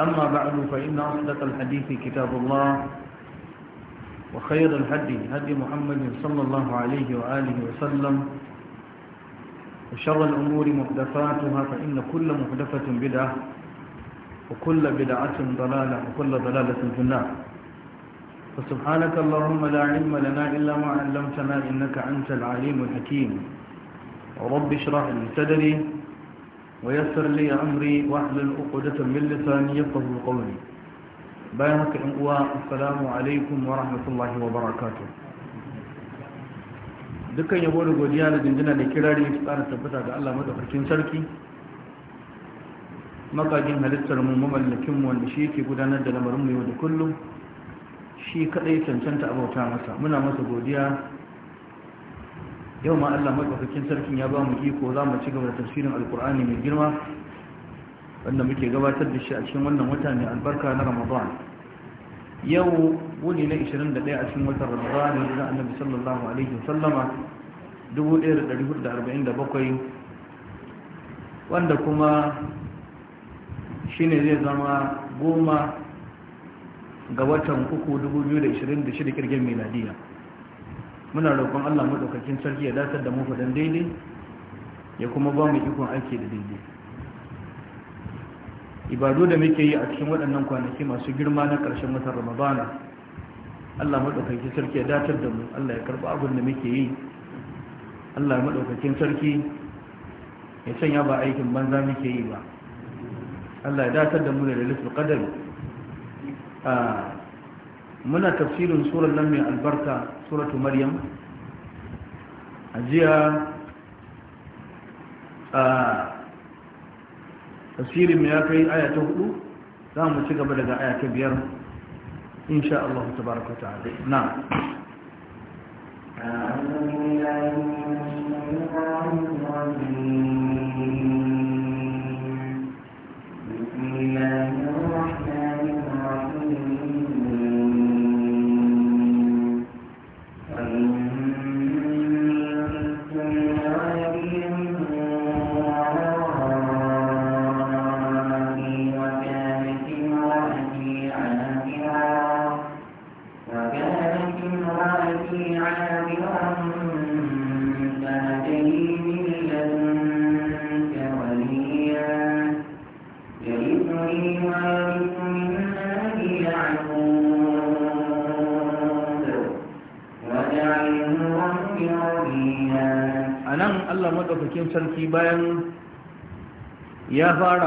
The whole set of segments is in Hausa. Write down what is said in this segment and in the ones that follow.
أما بعد فإن أصدق الحديث كتاب الله وخير الحدي هدي محمد صلى الله عليه وآله وسلم وشر الأمور محدثاتها فإن كل محدثة بدعة وكل بدعة ضلالة وكل ضلالة في النار فسبحانك اللهم لا علم لنا إلا ما علمتنا إنك أنت العليم الحكيم رب اشرح لي صدري ويسر لي أمري واحلل عقدة من لساني يفضل قولي بيانك أنقوى السلام عليكم ورحمة الله وبركاته dukkan yabo da godiya da jinjina da kirari su tsara tabbata ga Allah madaukakin sarki makagin halittar mu mamallakin mu wanda shi yake gudanar da lamarin mu yau da kullum shi kadai cancanta abota masa muna masa godiya yau ma Allah madaukakin sarkin ya ba mu iko za mu ci gaba da tafsirin alkur'ani mai girma wanda muke gabatar da shi a cikin wannan wata mai albarka na ramadan yau wuni na 21 a cikin watan ramadan ne da annabi sallallahu alaihi wasallama 1447 wanda kuma shine zai zama goma ga watan uku 2026 kirgin miladiya muna roƙon Allah madaukakin sarki ya dasar da mu faɗin daidai ya kuma ba mu ikon aiki da daidai ibadu da muke yi a cikin waɗannan kwanaki masu girma na ƙarshen watan ramadana Allah madaukakin sarki ya datar da mu Allah ya karɓi abin da muke yi Allah madaukakin sarki ya sanya ba aikin banza muke yi ba Allah ya datar da mu da lalisul kadar. Ah, muna tafsirin surar nan mai albarka suratu maryam a jiya a tafsirin ya kai aya ta hudu za mu ci gaba daga aya ta biyar insha Allah ta baraka na أعوذ بالله من الشيطان الرجيم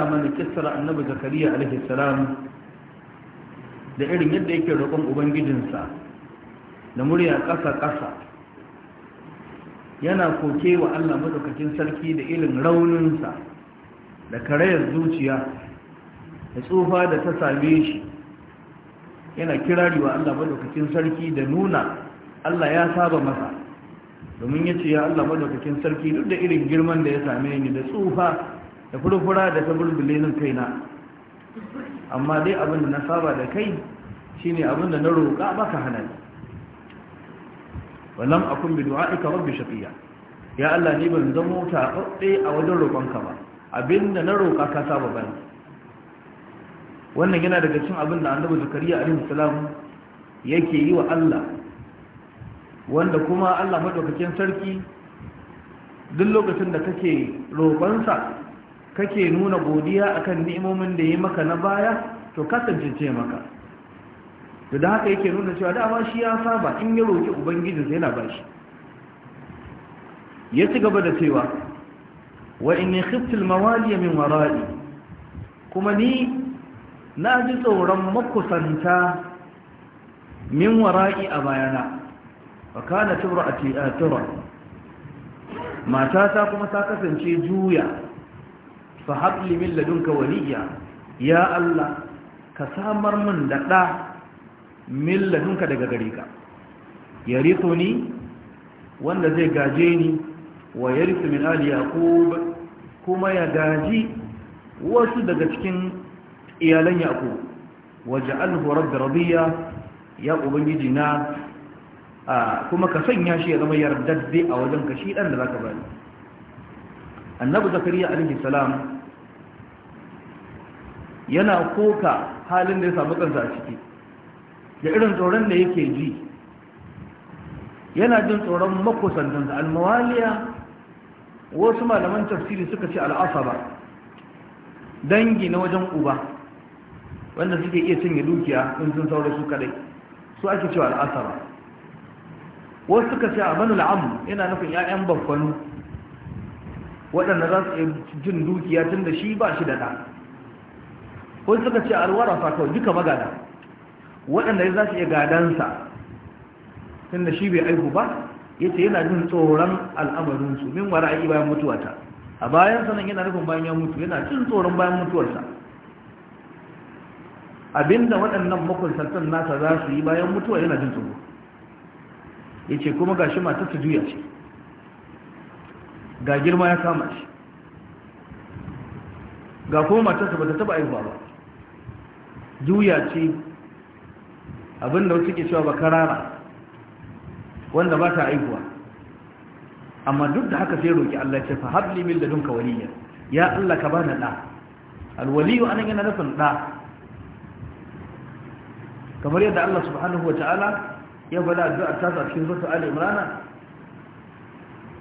mana kissar annabi zakariya alaihi salam da irin yadda yake roƙon ubangijinsa da murya ƙasa-ƙasa yana koke wa allah madaukakin sarki da irin rauninsa da karayar zuciya da tsufa da ta same shi yana kirari wa allah madaukakin sarki da nuna allah ya saba masa domin ya ce ya allah madaukakin sarki duk da irin girman da ya same ni da tsufa da furfura da ta bulbule kai kaina amma dai abin da na saba da kai shine abin da na roƙa maka hana ni walam akun bi du'aika rabbi shaqiya ya Allah ni ban zama ta taɓaɓɓe a wajen roƙonka ba abinda na roƙa ka saba bani wannan yana daga cin abin da annabi zakariya alaihi salam yake yi wa Allah wanda kuma Allah madaukakin sarki duk lokacin da kake roƙonsa kake nuna godiya akan ni'imomin da ya maka na baya to kasance maka To da haka yake nuna cewa dama shi ya saba in ya roki ubangijinsa yana bashi ya ci gaba da cewa wa in khiftu al-mawali min wara'i kuma ni na ji tsoron makusanta min wara'i a bayana wa kana eh, tura matata kuma ta kasance juya fahab li min ladunka waliya ya Allah ka samar min da ɗa min ladunka daga gare ka ya ni wanda zai gaje ni wa ya min ali yaqub kuma ya gaji wasu daga cikin iyalan waje waj'alhu da rabiya ya ubangiji na kuma ka sanya shi ya zama yardadde a wajen ka shi dan da zaka bani annabi zakariya alaihi salam yana koka halin da ya samu kansa a ciki da irin tsoron da yake ji yana jin tsoron makusantansa almawaliya wasu malaman tafsiri suka ce al'asaba dangi na wajen uba wanda suke iya cinye dukiya in sun saura su kadai su ake cewa al'asaba wasu suka ce a manu la'am yana nufin 'ya'yan babbanu waɗanda za su iya jin dukiya tun da shi ba shi da ɗa ko suka ce fa kawai duka magada waɗanda za su iya gadansa tun da shi bai aihu ba ya ce yana jin tsoron al'amarinsu min wara aiki bayan mutuwata a bayan sanan yana nufin bayan ya mutu yana jin tsoron bayan mutuwarsa abinda waɗannan makonsantan nasa za su yi bayan mutuwa yana jin tsoro ya ce kuma ga shi ta juya ce ga girma ya kama shi ga kuma matarsa ba ta taba aihu ba juya ce abinda wasu ke cewa ba karara wanda ba ta aihuwa amma duk da haka sai roƙi Allah ce fa habli min ladunka waliya ya Allah ka bani da alwaliyu anan yana nufin da kamar yadda Allah subhanahu wa ta'ala ya bada addu'a ta cikin sura al-imran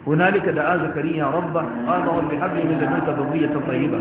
هنالك دعا زكريا ربه قال رب هب لي من لدنك ذريه طيبه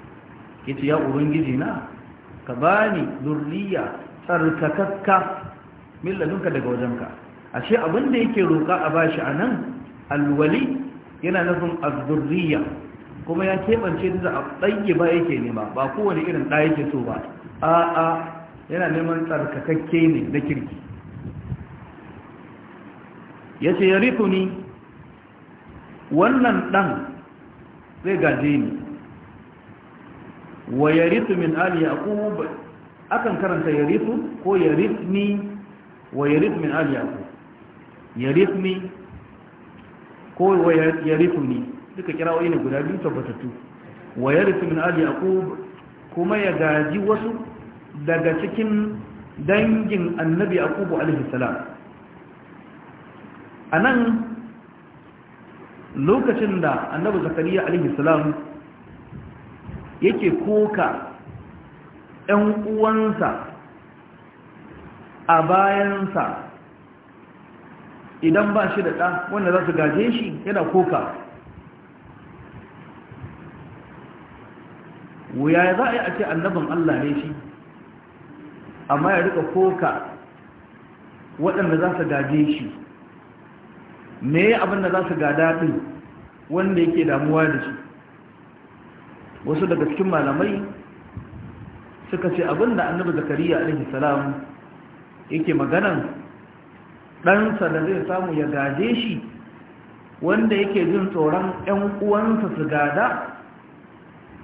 yace ya ubangiji na ka bani zurriya tsarkakakka min daga wajenka ashe abin da yake roƙa a bashi nan alwali yana nufin azurriya kuma ya kebance da a tsaye ba yake nema ba kowane irin ɗaya ke so ba a'a yana neman tsarkakakke ne na kirki ya ce ya ni wannan ɗan zai gaje ni wa yarithu min ali yaqub akan karanta yarithu ko yarithni wa yarith min ali yaqub yarithni ko wa yarithuni duka kirawoyi ne guda biyu tabbatattu wa yarithu min ali yaqub kuma ya gaji wasu daga cikin dangin annabi yaqubu alaihi salam anan lokacin da annabi zakariya alaihi salam yake koka ‘yan uwansa a bayansa idan ba shi da ɗa wanda za su gaje shi yana koka wuya za a yi a ce annabin Allah ne shi amma ya rika koka waɗanda za su gaje shi me abin da za su gada ɗin wanda yake damuwa da shi wasu daga cikin malamai suka ce abinda annabi zakariya alaihi salam yake maganan ɗansa da zai samu ya gaje shi wanda yake jin tsoron 'yan uwansa su gada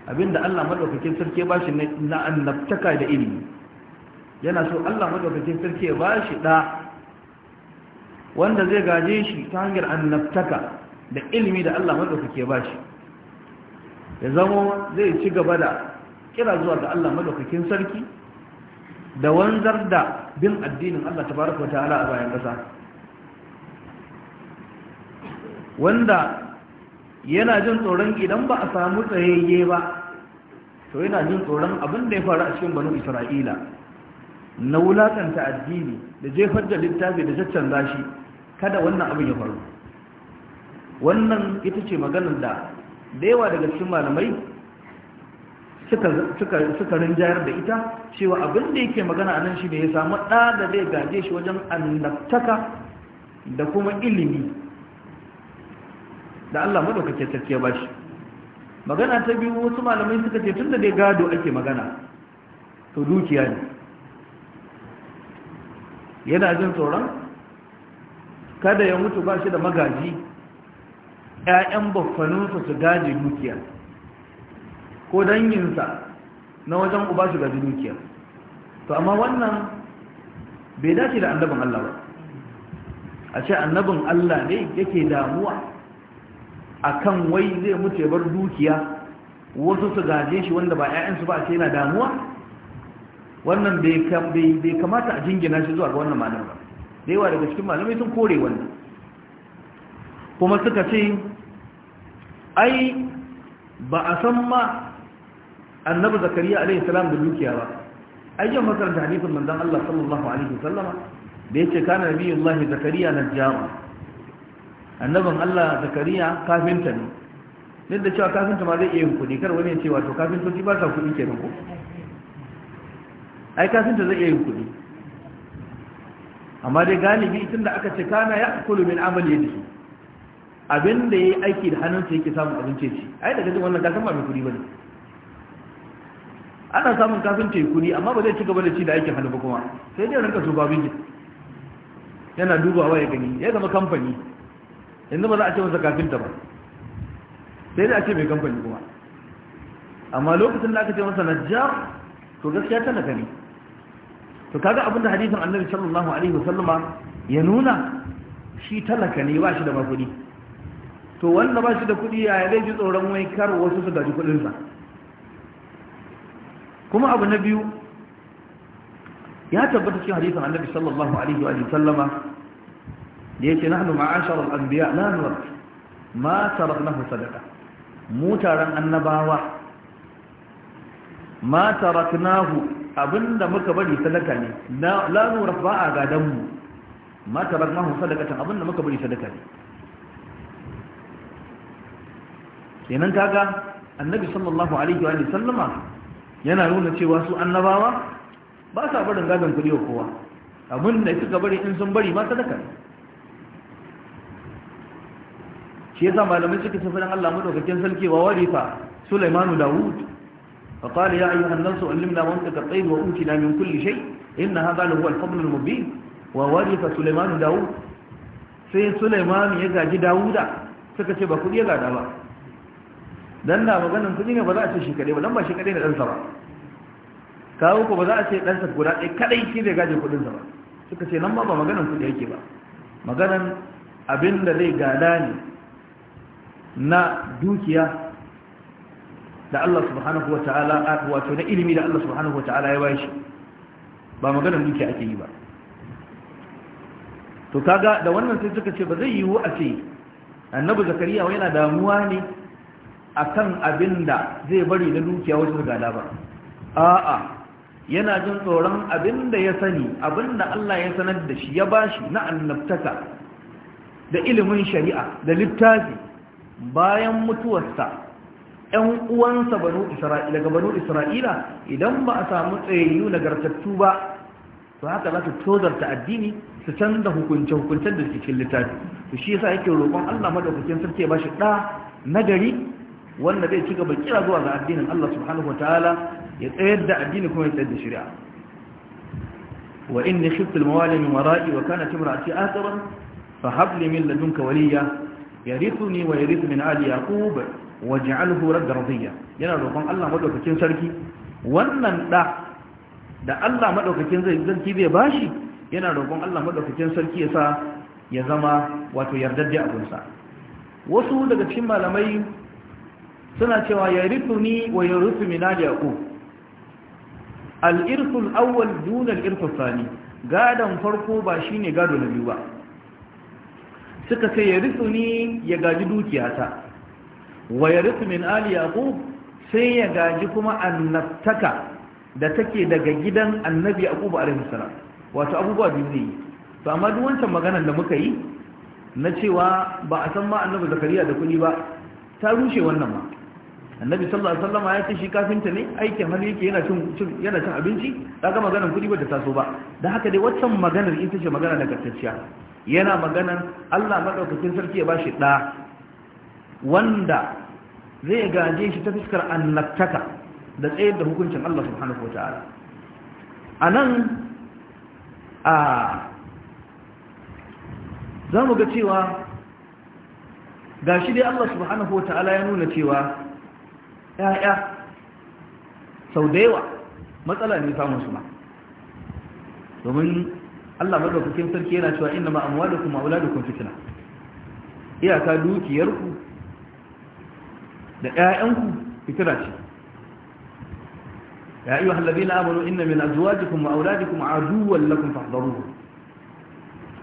abinda Allah madaukakin sarki ba shi na annabtaka da ilimi yana so Allah madaukakin sarki ba shi da wanda zai gaje shi ta hanyar annabtaka da ilimi da Allah madaukake ba shi ya zama zai ci gaba da kira zuwa ga Allah madaukakin sarki da wanzar da bin addinin Allah tabaraka wa ta'ala a bayan kasa wanda yana jin tsoron idan ba a samu tsayayye ba to yana jin tsoron abin da ya faru a cikin banu isra'ila na wulatanta addini da jefar da littafi da caccanza zashi kada wannan abin ya faru wannan ita ce maganar da da yawa daga cikin malamai suka rinjayar da ita cewa abin yake magana a nan shi ne ya samu ɗa da zai gaje shi wajen annabtaka da kuma ilimi da Allah maɗaukake tafiya ba shi magana ta biyu wasu malamai suka ce tun da dai gado ake magana to dukiya ne yana jin tsoron kada ya mutu ba shi da magaji ƴaƴan baffaninsa su gaji dukiya ko danginsa na wajen uba su gaji dukiya to amma wannan bai dace da annabin Allah ba a ce annabin Allah ne yake damuwa akan wai zai mutu ya bar dukiya wasu su gaje shi wanda ba ƴaƴansu ba a ce yana damuwa wannan bai kamata a jingina shi zuwa ga wannan malam ba da yawa daga cikin malamai sun kore wannan kuma suka ce ai ba a san ma annabi zakariya alaihi salam da dukiya ba ai yan makaranta hadisin manzon Allah sallallahu alaihi wasallama da yace kana nabiyullahi zakariya najjama annaban Allah zakariya kafinta ne duk da cewa kafinta ma zai iya yin kuɗi kar wani ya ce wato kafintoci ba ta kuɗi kenan ko ai kafinta zai iya yin kuɗi amma dai galibi tunda aka ce kana ya kulu min amali yadihi abin da ya yi aiki da hannunsa yake samun abinci ci ai da gajin wannan kasan ba mai kuri ba ne ana samun kafin ce kuri amma ba zai ci gaba da ci da aikin hannu ba kuma sai dai rinka soba bin yana dubawa ya gani ya zama kamfani yanzu ba za a ce masa kafin ta ba sai dai a ce mai kamfani kuma amma lokacin da aka ce masa najjar to gaskiya tana gani to kaga abin da hadisin annabi sallallahu alaihi wasallama ya nuna shi talaka ne ba shi da makudi to wanda ba shi da kuɗi yaya zai ji tsoron wai kar wasu su gaji sa? kuma abu na biyu ya tabbata cikin hadisin annabi sallallahu alaihi wa sallama da yake nahnu ma'ashar al-anbiya la nurad ma taraknahu sadaqa mu taran annabawa ma taraknahu abinda muka bari sadaka ne la nurad ba a gadan mu ma taraknahu sadaqatan abinda muka bari sadaka ne kenan kaga annabi sallallahu alaihi wa sallama yana nuna cewa su annabawa ba sa barin gadon kuɗi wa kowa abin da suka bari in sun bari ma sadaka shi yasa malamai suka tafi dan Allah madaukakin sarki wa warifa Sulaimanu Dawud fa qala ya ayyuha an-nasu allimna wa anta taqayyid wa utina min kulli shay inna hadha la huwa al-fadl al-mubin wa warifa Sulaimanu Dawud sai Sulaiman ya gaji Dawuda suka ce ba kudi ya gada ba dan na maganin kudi ne ba za a ce shi kadai ba dan ba shi kadai da ɗansa ba kawo ku ba za a ce ɗansa guda ɗaya kadai shi zai gaje sa ba suka ce nan ma ba maganin kudi yake ba maganan abin da zai gada ne na dukiya da Allah subhanahu wa ta'ala wato na ilimi da Allah subhanahu wa ta'ala ya bashi ba maganan dukiya ake yi ba to kaga da wannan sai suka ce ba zai yiwu a ce annabi zakariya yana damuwa ne akan abin da zai bari na dukiya wajen gada ba a'a yana jin tsoron abin da ya sani abin da Allah ya sanar da shi ya bashi na annabtaka da ilimin shari'a da littafi bayan mutuwarsa ‘yan uwansa banu isra'ila ga banu isra'ila idan ba a samu tsayayyu nagartattu ba to haka za su tozarta addini su canza hukunce-hukuncen da cikin littafi to shi yasa yake roƙon Allah madaukakin sarki ya bashi ɗa nagari wanda zai ci gaba kira zuwa ga addinin Allah subhanahu wataala ya tsayar da addini kuma ya tsayar da shari'a wa inni khiftu al-mawali min wara'i wa kanat imra'ati atharan fa hab li min ladunka waliya yarithuni wa yarithu min ali yaqub waj'alhu rabbi radiya yana roƙon Allah madaukakin sarki wannan da da Allah madaukakin zai zarki bai bashi yana roƙon Allah madaukakin sarki ya sa ya zama wato yardajje abunsa wasu daga cikin malamai suna cewa ya ni wa ya rufu mina da yaƙo al'irful awwal duna gadon farko ba shi ne gado na biyu ba suka ce ya ni ya gaji dukiyata wa ya rufu min ali yaƙo sai ya gaji kuma annabtaka da take daga gidan annabi yaƙo alaihi salam wato abubuwa biyu ne to amma duk wancan maganar da muka yi na cewa ba a san ma annabi zakariya da kuɗi ba ta rushe wannan ma annabi sallallahu alaihi wasallam ya ce shi kafinta ne aikin hali yake yana cin yana cin abinci ga maganar kudi ba ta taso ba dan haka dai waccan maganar in tace magana nagartacciya yana maganar Allah madaukakin sarki ya bashi da wanda zai gaje shi ta fuskar annabtaka da tsayar da hukuncin Allah subhanahu wataala anan a za mu ga cewa gashi dai Allah subhanahu wataala ya nuna cewa ya'ya sau da yawa matsala ne samun su ma domin Allah madaukakin sarki yana cewa inda inna ma amwalukum wa auladukum fitna iyaka dukiyarku da ƴaƴanku fitna ce ya yi ayyuhal ladina amanu inna min azwajikum wa auladikum aduwwan lakum fahdharuhu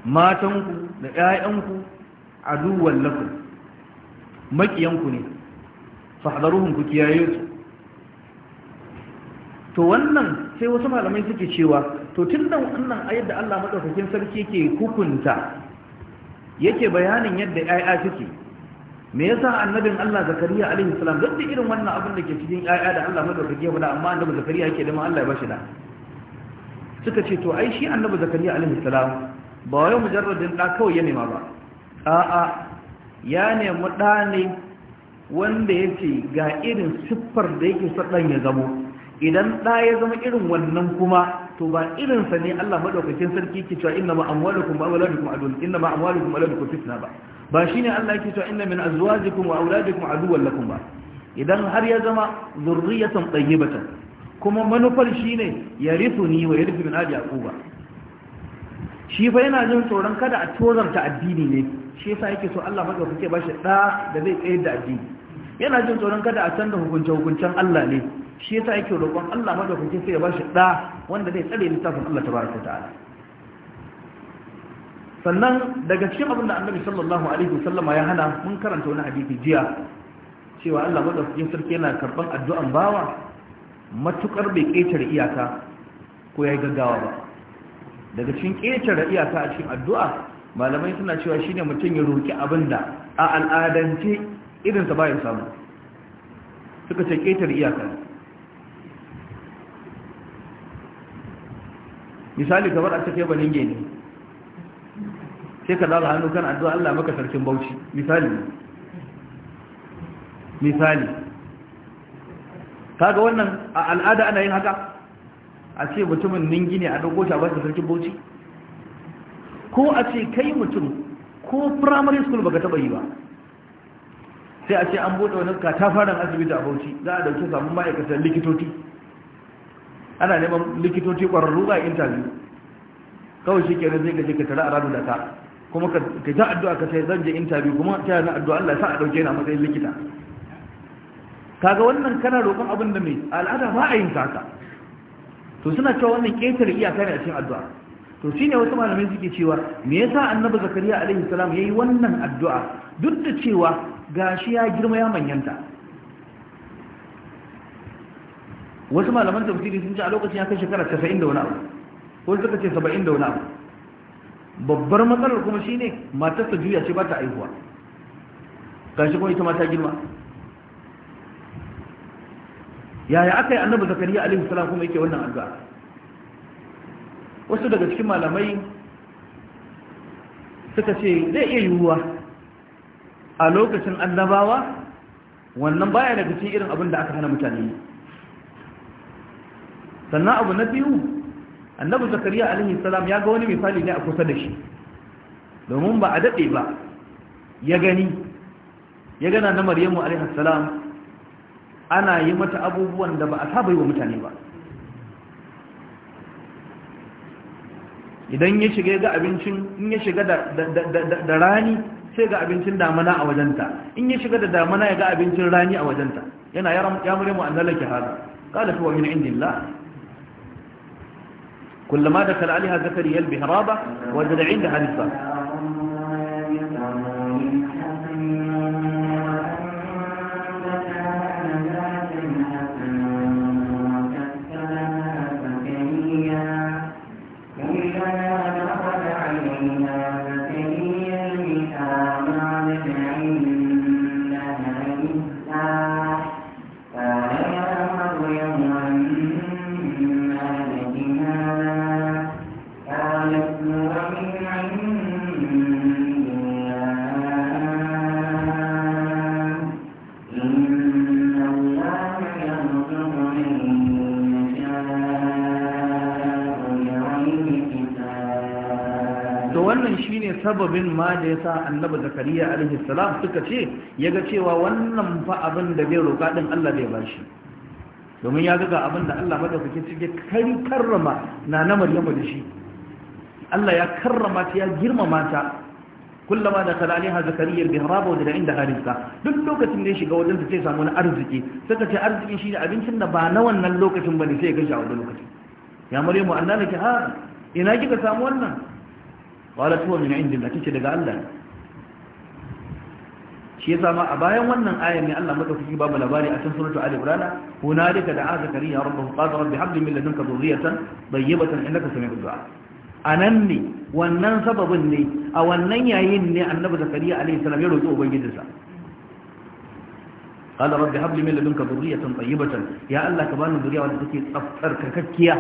matanku da ƴaƴanku aduwwan lakum makiyanku ne fahdaruhum ku kiyaye su to wannan sai wasu malamai suke cewa to tun da wannan ayar da Allah madaukakin sarki yake hukunta yake bayanin yadda ayya suke me yasa annabin Allah Zakariya alaihi salam duk da irin wannan abin da ke cikin ayya da Allah madaukake faɗa amma annabi Zakariya yake da ma Allah ya bashi da suka ce to ai shi annabi Zakariya alaihi salam ba wai mujarradin da kawai ya nema ba a'a ya nemi da ne wanda ya ce ga irin siffar da yake ɗan ya zamo idan ɗa ya zama irin wannan kuma to ba irinsa ne Allah maɗaukakin sarki ke cewa inna ma'amwalukum ba auladukum adun inna ma'amwalukum auladukum fitna ba ba shine Allah yake cewa inna min azwajikum wa auladukum aduwwan lakum ba idan har ya zama zurriyatan tayyibatan kuma manufar shine yarithuni wa yarithu min ali yaquba shi fa yana jin tsoron kada a tozarta addini ne shi yasa yake so Allah maka ba shi ɗa da zai tsayar da addini yana jin tsoron kada a canza hukunce hukuncen Allah ne shi yasa yake roƙon Allah madaukakin sai ya bashi da wanda zai tsare littafin Allah tabaraka ta'ala sannan daga cikin abin da Annabi sallallahu alaihi wasallama ya hana mun karanta wani hadisi jiya cewa Allah madaukakin sarki yana karban addu'an bawa matukar bai ƙetare iyaka ko yayi gaggawa ba daga cikin ƙetare iyaka a cikin addu'a malamai suna cewa shine mutum ya roki abinda a al'adance irinsa bayan samu suka ce ƙetar iyaka misali kamar a cikin banin gini sai ka zaba hannu kan addu'a Allah maka sarkin bauchi misali misali kaga wannan a al'ada ana yin haka a ce mutumin ningi ne a ɗauko shi a bashi sarkin bauchi ko a ce kai mutum ko primary school baka taba yi ba sai a ce an buɗe wani katafaren asibiti a bauchi za a dauke samun ma'aikatan likitoci ana neman likitoci ƙwararru a intanet kawai shi ke zai gaji ka tara a ranar da ta kuma ka ta addu'a ka sai zan je intanet kuma ta yana addu'a Allah sa a dauke na matsayin likita kaga wannan kana roƙon abin da mai al'ada ba a yin haka to suna cewa wannan ƙetare iyaka ne a cikin addu'a to shine wasu malamai suke cewa me yasa annabi zakariya alaihi salam yayi wannan addu'a duk da cewa Ga shi ya girma ya manyanta wasu malaman tafsiri sun ce a lokacin ya kai shekara 90 da wani abu ko suka ce 70 da wani abu babbar matsalar kuma shi ne matarsa juya ce ba ta aihuwa Ga shi kuma ita ma ta girma yaya aka yi annabi zakariya alaihi salam kuma yake wannan addu'a wasu daga cikin malamai suka ce zai iya yiwuwa a lokacin annabawa wannan baya daga cikin irin abin da aka hana mutane sannan abu na biyu annabi zakariya alaihi salam ya ga wani misali ne a kusa da shi domin ba a daɗe ba ya gani ya gana na maryamu alaihi salam ana yi mata abubuwan da ba a saba yi wa mutane ba idan ya shiga ga abincin in ya shiga da rani sai ga abincin damana a wajenta in ya shiga da damana ya ga abincin rani a wajenta yana ya mure mu annala ki hada qala fa min indillah kullama dakala alaiha zakariya albihraba wa jada inda hadisa sababin ma da ya sa annaba zakariya alaihi salam suka ce ya ga cewa wannan fa abin da zai roƙa ɗin allah bai ba shi domin ya ga abin da allah madaukakin cike kari karrama na na maryamu da shi allah ya karrama ta ya girmama ta kullama da kala alaiha zakariya bihraba wa da inda harinsa duk lokacin da ya shiga wajen ta sai samu na arziki suka ce arzikin shi da abincin da ba na wannan lokacin ba ne sai ya gasha a wani lokacin ya maryamu annalaki ha ina kika samu wannan wala tuwa min indillah tace daga Allah ne shi yasa ma a bayan wannan ayar ne Allah madaukaki ba mu labari a cikin suratul ali imran hunalika da'a zakariya rabbahu qala rabbi habli min ladunka dhurriyatan tayyibatan innaka sami'ud du'a anan ne wannan sababin ne a wannan yayin ne annabi zakariya alaihi salam ya roki ubangijinsa qala rabbi habli min ladunka dhurriyatan tayyibatan ya Allah ka bani zuriya wanda take tsaftar kakkiya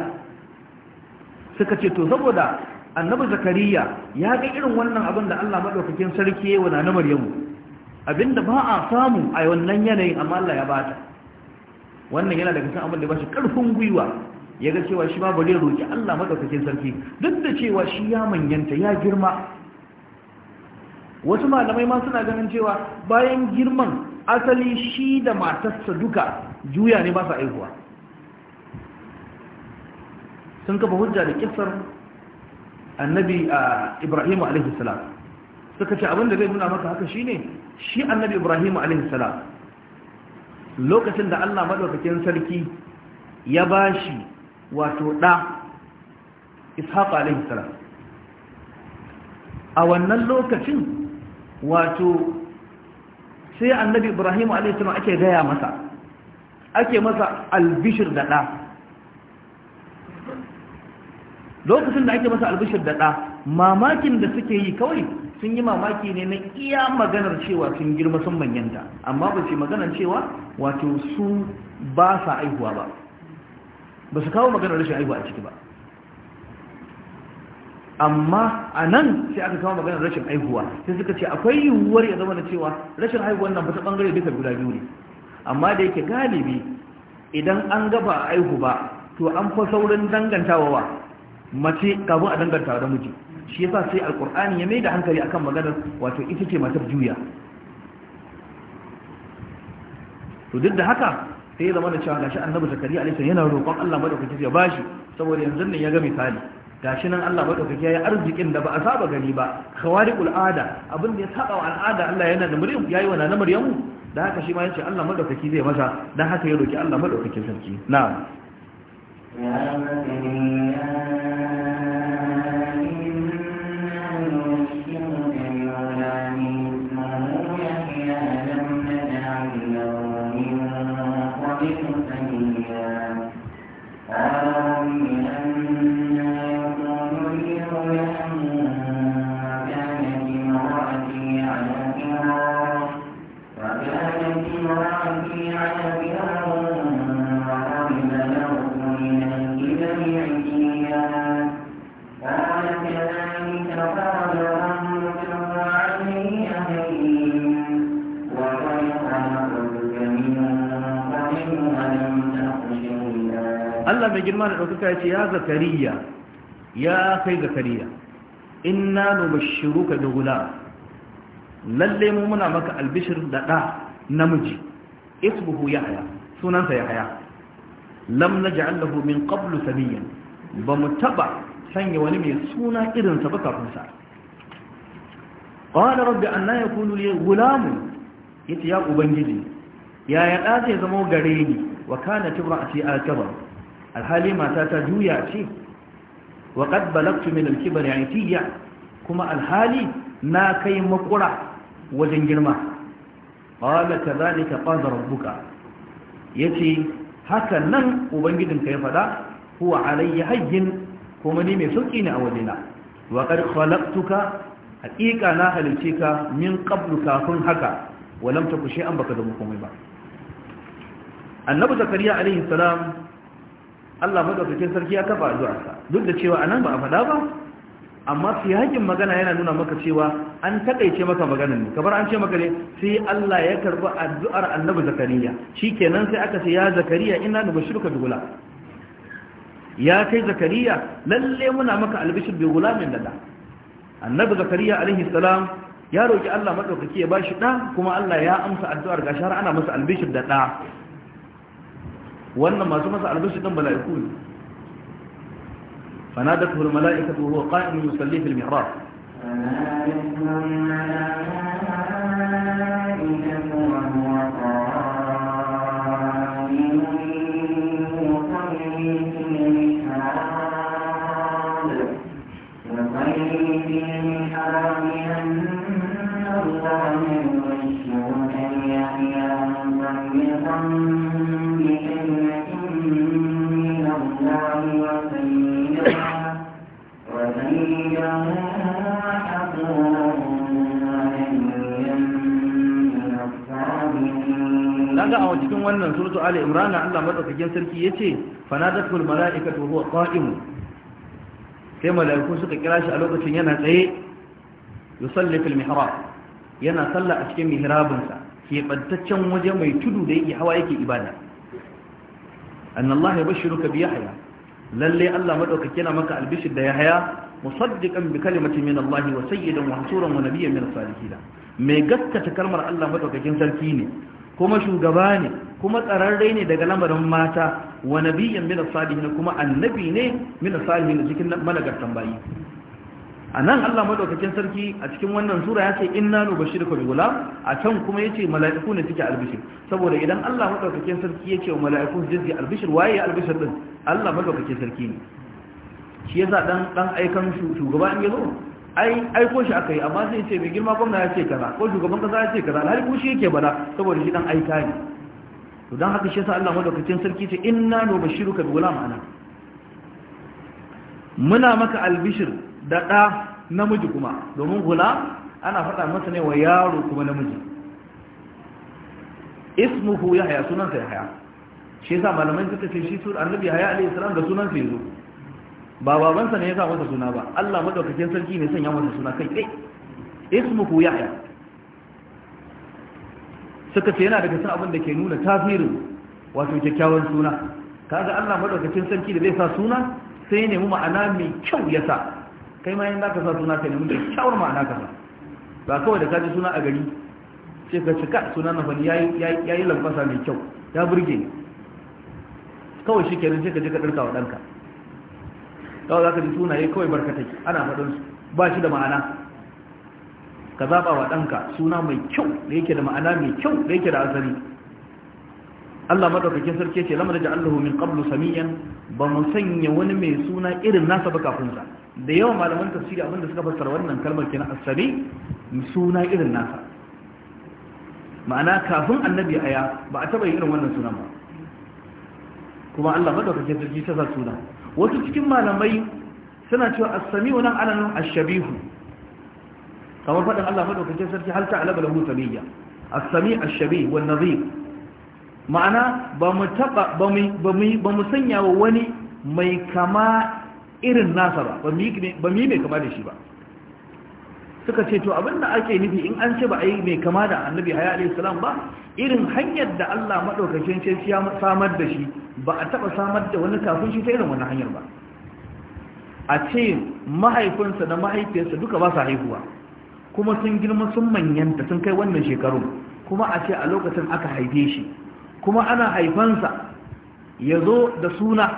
suka ce to saboda annabi zakariya ya ga irin wannan abin da Allah madaukakin sarki yayi wa na maryamu abinda ba a samu a wannan yanayin amma Allah ya bata wannan yana daga cikin abin da ba shi karfin gwiwa ya ga cewa shi ba bari ya roki Allah madaukakin sarki duk da cewa shi ya manyanta ya girma wasu malamai ma suna ganin cewa bayan girman asali shi da matarsa duka juya ne ba sa aihuwa sun kafa hujja da kisar annabi ibrahim alaihi salam suka ce abinda zai nuna maka haka shine shi annabi ibrahim alaihi salam lokacin da Allah madaukakin sarki ya bashi wato da ishaq alaihi salam a wannan lokacin wato sai annabi ibrahim alaihi salam ake gaya masa ake masa albishir da da lokacin da ake masa albishir da ɗa mamakin da suke yi kawai sun yi mamaki ne na iya maganar cewa sun girma sun manyanta amma ba ce maganar cewa wato su ba sa aihuwa ba ba su kawo maganar rashin aihuwa a ciki ba amma a nan sai aka kawo maganar rashin aihuwa sai suka ce akwai yiwuwar ya zama na cewa rashin aihuwar nan bata bangare duka guda biyu ne amma da yake galibi idan an gaba a aihu ba to an fa saurin dangantawa mace kafin a danganta da miji shi yasa sai alkur'ani ya mai da hankali akan maganar wato ita ce matar juya to duk da haka sai zama da cewa gashi annabi zakariya alaihi salam yana roƙon Allah madaukaki ya bashi saboda yanzu nan ya ga misali gashi nan Allah madaukaki ya arzikin da ba a saba gani ba khawariqul ada abin da ya saba wa al'ada Allah yana da Maryam yayi wa na Maryamu da haka shi ma yace Allah madaukaki zai masa dan haka ya roki Allah madaukakin sarki na'am يا بني girma da ɗaukaka ya ce ya zakariya ya kai zakariya inna nubashshiruka bi gulam lalle mu muna maka albishir da ɗa namiji isbuhu yahya sunansa yahya lam naj'al lahu min qablu Ba bamu taɓa sanya wani mai suna irin sa ba kafin sa qala rabbi anna yakunu li gulamu. yace ya ubangiji ya ya da zai zama gare ni wa kana tibra asi akbar alhali mata ta juya ce wa qad balagtu min al-kibri kuma alhali na kai makura wajen girma ta kadhalika qala rabbuka yace haka nan ubangijinka ya fada huwa alayya hayyin kuma ne mai sauki ne a wajena wa qad khalaqtuka na halice ka min qablu kafin haka Walamta kushe an baka zama komai ba annabi zakariya alaihi salam Allah madaukakin sarki ya kafa addu'arsa duk da cewa anan ba a faɗa ba amma fi hakin magana yana nuna maka cewa an takaice maka maganar ne kamar an ce maka ne sai Allah ya karba addu'ar Annabi Zakariya shikenan sai aka ce ya Zakariya inna nubashiruka bi gulam ya kai Zakariya lalle muna maka albishir bi min da Annabi Zakariya alaihi salam ya roki Allah madaukaki ya bashi da kuma Allah ya amsa addu'ar gashi har ana masa albishir da da wannan masu masa albashi dan mala'iku ne fanadatu almala'ikatu wa huwa qa'imun yusalli fil mihrab فنادته الملائكة wannan suratu ali imran Allah madaukakin sarki ce fanadatul malaikatu huwa qa'im sai malaiku suka kira shi a lokacin yana tsaye yusalli fil mihrab yana sallah a cikin mihrabinsa ke bantaccen waje mai tudu da yake hawa yake ibada ya yabshiruka bi yahya lalle Allah madaukake yana maka albishir da yahya musaddiqan bi kalimatin min Allah wa sayyidan wa hasuran wa nabiyyan min salihin mai gaskata kalmar Allah madaukakin sarki ne kuma shugaba ne kuma tsararre ne daga lamarin mata wa nabiyyan min salihin kuma annabi ne min salihin cikin malagartan bayi anan Allah madaukakin sarki a cikin wannan sura ya ce inna nubashiruka bi gulam a can kuma yace mala'iku ne suke albishir saboda idan Allah madaukakin sarki yace wa mala'iku zai albishir waye albishir din Allah madaukakin sarki ne shi yasa dan dan aikan shugaba in yazo ai aiko shi aka yi amma sai ce mai girma gwamna ya ce kaza ko shugaban kaza ya ce kaza alhali ko shi yake bada saboda shi dan aika ne to dan haka shi yasa Allah madaukakin sarki ce inna bashiruka bi gulam ana muna maka albishir da da namiji kuma domin gula ana faɗa masa ne wa yaro kuma namiji ismuhu yahya sunansa yahya shi yasa malamai suka ce shi sur annabi yahya alayhi salam da sunansa yazo ba babansa ne ya sa masa suna ba Allah madaukakin sarki ne sanya masa suna kai kai ismuhu yahya suka ce yana daga cikin abin da ke nuna tasirin wato kyakkyawan suna kaga Allah madaukakin sarki da zai sa suna sai ya nemi ma'ana mai kyau ya sa kai ma yanda ka sa suna ka nemi kyakkyawar ma'ana ka sa ba kawai da kaji suna a gari sai ka cika suna na fani yayi lambasa mai kyau ya burge kawai shi kenan sai ka je ka dirka wa danka kawai za ka ji sunaye kawai barkatai ana faɗin su ba shi da ma'ana ka zaɓa wa ɗanka suna mai kyau da yake da ma'ana mai kyau da yake da asali Allah madaukakin sarki ce lamar da Allahu min qablu samiyan ba mu sanya wani mai suna irin nasa ba kafin sa da yawan malaman tafsiri abinda suka fassara wannan kalmar kina asali suna irin nasa ma'ana kafin annabi aya ba a taba irin wannan sunan ba kuma Allah madaukakin sarki ta sa suna wasu cikin malamai suna cewa as-sami'u nan ana shabihu kamar faɗin Allah madaukakin sarki hal ta'ala balahu samiyya as-sami' ash-shabih ma'ana ba mu sanya wa wani mai kama irin nasa ba ba mu yi mai kama da shi ba suka ce to abinda ake nufi in an ce ba a yi mai kama da annabi haya alaihissalam ba irin hanyar da Allah maɗaukacin ce ya samar da shi ba a taɓa samar da wani kafin shi ta irin wani hanyar ba a ce mahaifinsa da mahaifiyarsa duka ba su haihuwa kuma sun girma sun manyanta sun kai wannan shekaru kuma a ce a lokacin aka haife shi kuma ana haifansa ya zo da suna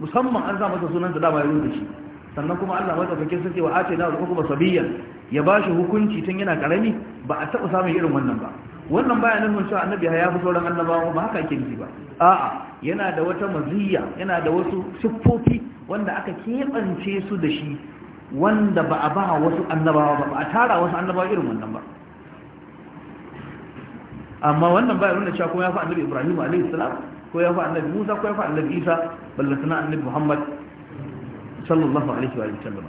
musamman an sa masa sunan da dama ya da shi sannan kuma Allah mata fake sun ce wa ace na hukuma sabiyan ya ba shi hukunci tun yana karami ba a taɓa samun irin wannan ba wannan baya mun cewa annabi ya fi sauran annabawa ba haka ake nufi ba a'a yana da wata maziyya yana da wasu siffofi wanda aka keɓance su da shi wanda ba a ba wasu annabawa ba ba a tara wasu annabawa irin wannan ba amma wannan ba irin da cewa ko ya fi annabi ibrahim alaihi salam ko ya fi annabi musa ko ya fi annabi isa ballantana annabi muhammad sallallahu alaihi wa sallam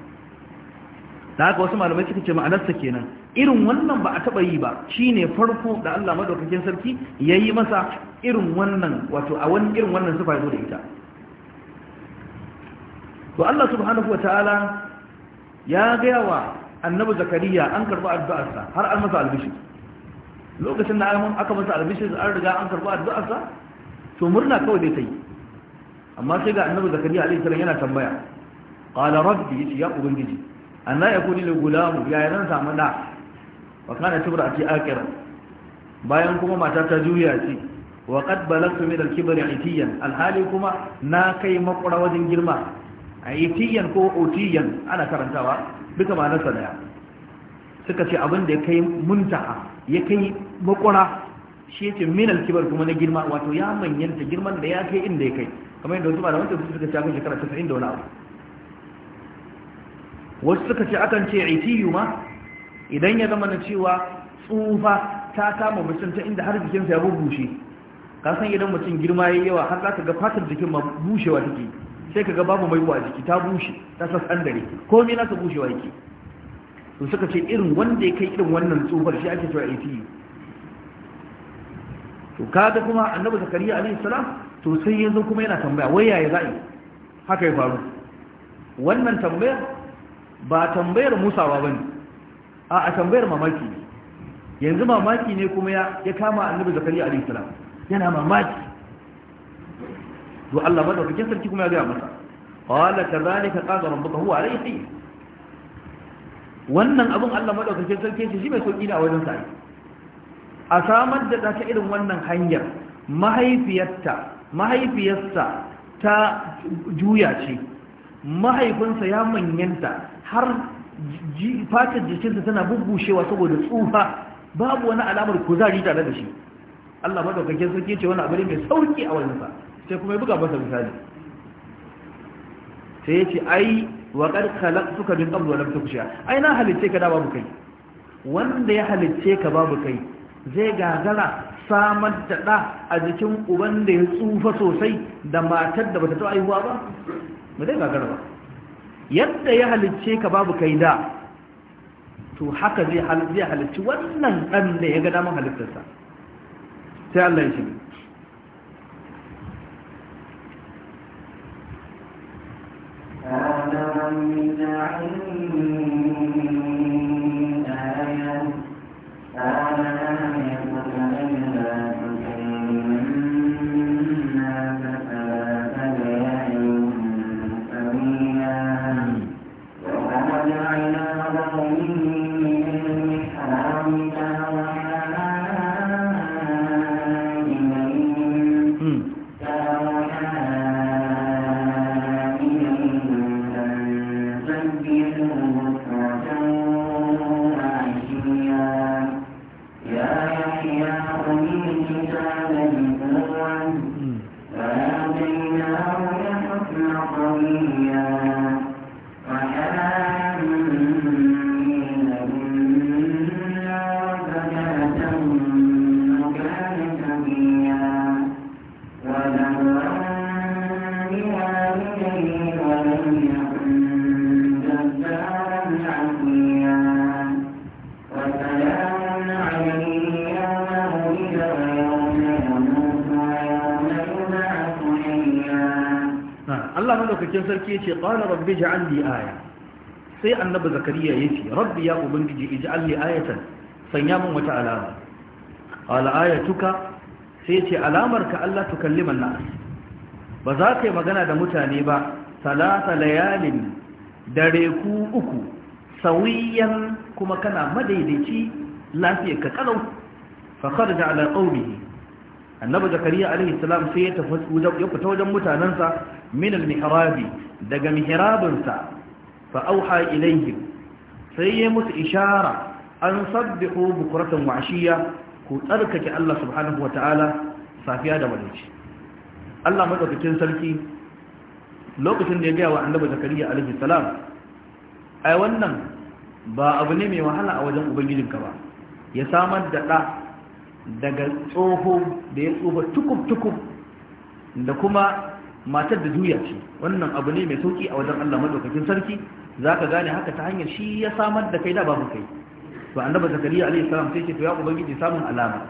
da haka wasu malamai suka ce ma'anarsa kenan irin wannan ba a taɓa yi ba shine farko da Allah madaukakin sarki ya yi masa irin wannan wato a wani irin wannan sufa zo da ita to Allah subhanahu wa ta'ala ya gaya wa annabi zakariya an karɓi addu'arsa har an masa albishir lokacin da aka masa albishir an riga an karɓi addu'arsa to murna kawai dai ta yi amma sai ga annabi zakariya alaihi salam yana tambaya qala rabbi yace ya ubangiji anna yakuni li gulam ya yana samu da wa kana tibra ati akira bayan kuma mata ta juya ce wa qad balagtu min al-kibri itiyan alhali kuma na kai makura wajen girma itiyan ko utiyan ana karantawa duka ma'anar sa daya suka ce abin da ya kai muntaha ya kai makura shi yake min al-kibr kuma na girma wato ya manyanta girman da ya kai inda ya kai kamar yadda wasu malaman tafsir suka ce akan shekara 90 da wani abu wasu suka ce akan ce itiyu ma idan ya zama na cewa tsufa ta kama mutum ta inda har jikinsa ya bubushe ka san idan mutum girma ya yawa har za ka ga fatar jikin ma bushewa take sai ka ga babu mai a jiki ta bushe ta sassan dare komai nasa bushewa yake to suka ce irin wanda ya kai irin wannan tsohuwar shi ake cewa ATE to kaga kuma annabi zakariya alaihi salam to sai yanzu kuma yana tambaya wai yaya za'i haka ya faru wannan tambaya ba tambayar ba bane a a tambayar mamaki ne yanzu mamaki ne kuma ya kama annabi zakariya alaihi salam yana mamaki to Allah ba da sarki kuma ya ga masa qala kadhalika qadara rabbuka huwa alayhi wannan abun Allah kike sarki shi shi mai sauki da wajen sa a samar da ta irin wannan hanyar mahaifiyarta mahaifiyarsa ta juya ce mahaifinsa ya manyanta har fatar jikinsa tana bubbushewa saboda tsufa babu wani alamar kuzari tare da shi Allah madaukakin sarki ce wani abin mai sauki a wajensa sai kuma ya buga masa misali sai ya ce ai wa kala suka min qabl wa ta kushiya ai na halicce ka da babu kai wanda ya halicce ka babu kai zai gagara samar da ɗa a jikin uban da ya tsufa sosai da matar da bata ta aihuwa ba ba zai gagara ba yadda ya halicce ka babu kai da to haka zai halicci wannan ɗan da ya ga damar halittarsa sai Allah ya shiga Allah madaukakin sarki ya ce qala rabbi ja'al li aya sai annabi zakariya yace rabbi ya ubangiji ij'al li ayatan sanya min wata alama qala ayatuka sai yace alamar ka Allah tukalliman nas ba za ka yi magana da mutane ba salasa layalin dare ku uku sauyiyan kuma kana madaidaici lafiyar ka kalau fa da ala qaumihi annabi zakariya alaihi sai ya tafi ya fita wajen mutanansa min al-mihrabi daga mihrabinsa fa auha ilayhim sai ya musu ishara an sabbihu bukratan wa ashiya ku tsarkake Allah subhanahu wa ta'ala safiya da wadaci Allah madaukakin sarki lokacin da ya gaya wa annabi zakariya alaihi salam ai wannan ba abu ne mai wahala a wajen ubangijinka ba ya samar da ɗa daga tsoho da ya tsofa tukub-tukub da kuma matar da juya ce wannan abu ne mai sauki a wajen Allah madaukakin sarki za ka gane haka ta hanyar shi ya samar da kai da babu kai to annaba zakariya alaihi salam sai ce to ya ubangiji samun alama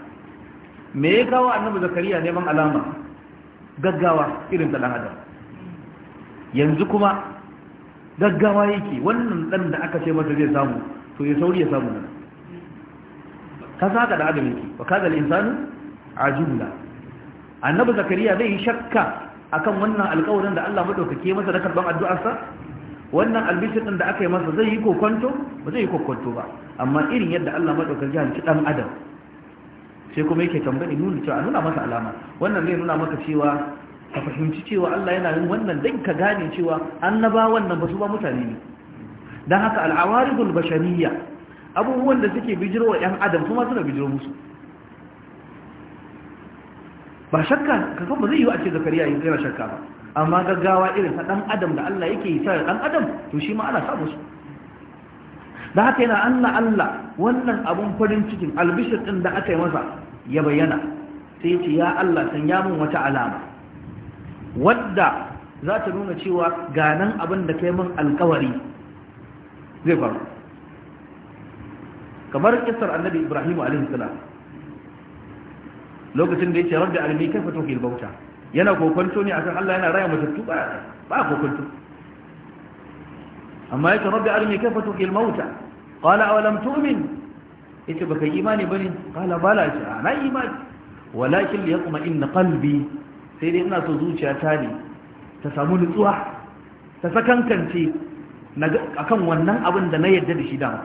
me ya kawo annaba zakariya neman alama gaggawa irin ta dan adam yanzu kuma gaggawa yake wannan dan da aka ce masa zai samu to ya sauri ya samu nan ka saka da adam yake wa kaga al-insanu ajibula annabi zakariya zai yi shakka akan wannan alƙawarin da Allah madaukake masa da karban addu'arsa wannan albishir din da aka yi masa zai yi kokonto ba zai yi kokonto ba amma irin yadda Allah madaukake ya hanci dan adam sai kuma yake tambayi nuna cewa nuna masa alama wannan zai nuna maka cewa ka fahimci cewa Allah yana yin wannan dan ka gane cewa annabawan nan ba su ba mutane ne dan haka al'awaridul bashariyya abubuwan da suke bijiro wa ɗan adam kuma suna bijiro musu ba shakka ka san ba zai yi a ce zakariya yin tsira shakka ba amma gaggawa irin ta ɗan adam da Allah yake yi sa ɗan adam to shi ma ana sa musu da haka yana Allah Allah wannan abun farin cikin albishir ɗin da aka yi masa ya bayyana sai ce ya Allah san ya mun wata alama wadda za ta nuna cewa ganan abin da kai mun alkawari zai faru kamar kisar annabi ibrahim alaihissalam lokacin da ya ce rabbi alimi kai fito ke bauta yana kokonto ne akan Allah yana raya matattu ba ba kokonto amma ya ce rabbi alimi kai fito ke mauta qala aw lam tu'min yace baka yi imani bane qala bala ce ana imani walakin liyatma inna qalbi sai dai ina so ta ne ta samu nutsuwa ta sakankance kan wannan abin da na yarda da shi dama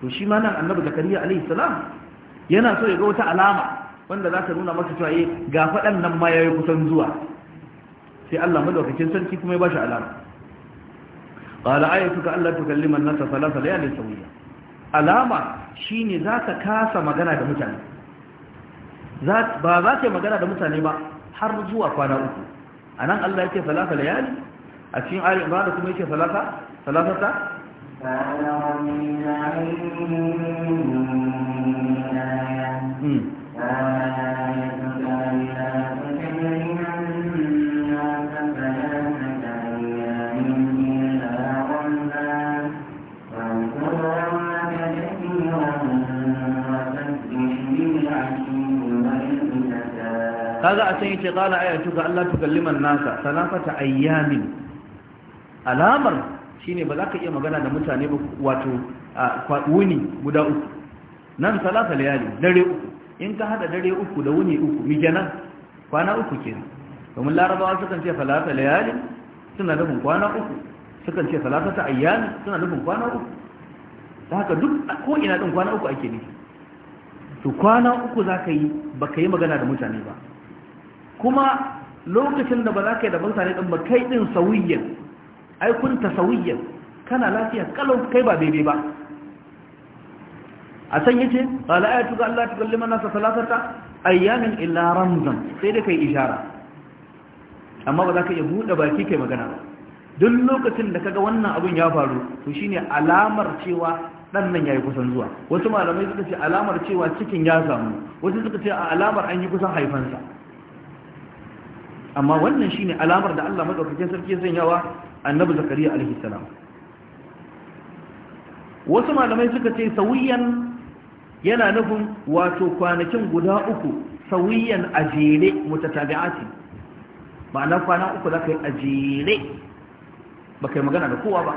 to shi ma nan annabi zakariya alaihi salam yana so ya ga wata alama wanda za ta nuna masa cewa eh ga faɗan nan ma yayi kusan zuwa sai Allah madaukakin sarki kuma ya bashi alama qala ayatuka alla tukallima an-nasa thalatha layalin alama shi ne za ka kasa magana da mutane ba za ka yi magana da mutane ba har zuwa kwana uku a nan Allah yake salata layali a cikin ari ba da kuma yake salata salatata yi. Hmm. kaga a can yace qala ayatu ga Allah tukalliman nasa salafata ayyamin alamar shi ne ba za ka iya magana da mutane ba wato wuni guda uku nan salata layali dare uku in ka hada dare uku da wuni uku mi kenan kwana uku ke nan. domin larabawa sukan ce salata layali suna nufin kwana uku sukan ce salata ta ayyami suna nufin kwana uku Da haka duk ko ina din kwana uku ake ne. to kwana uku za ka yi ba ka yi magana da mutane ba kuma lokacin da ba za ka yi da mutane ɗin ba kai ɗin sauyin ai kun ta kana lafiya kalau kai ba daidai ba a san yace qala ayatu ga Allah tukallima nasa salatata ayyamin illa ramzan sai da kai ishara amma ba za ka iya buɗe baki kai magana ba duk lokacin da kaga wannan abun ya faru to shine alamar cewa dan nan yayi kusan zuwa wasu malamai suka ce alamar cewa cikin ya samu wasu suka ce alamar an yi kusan haifansa amma wannan shi ne alamar da Allah madaukakin sarki ya annabi zakariya alaihi salam wasu malamai suka ce sauyan yana nufin wato kwanakin guda uku sauyan a jere mutatabi'ati ma'ana kwana uku za ka yi a ba kai magana da kowa ba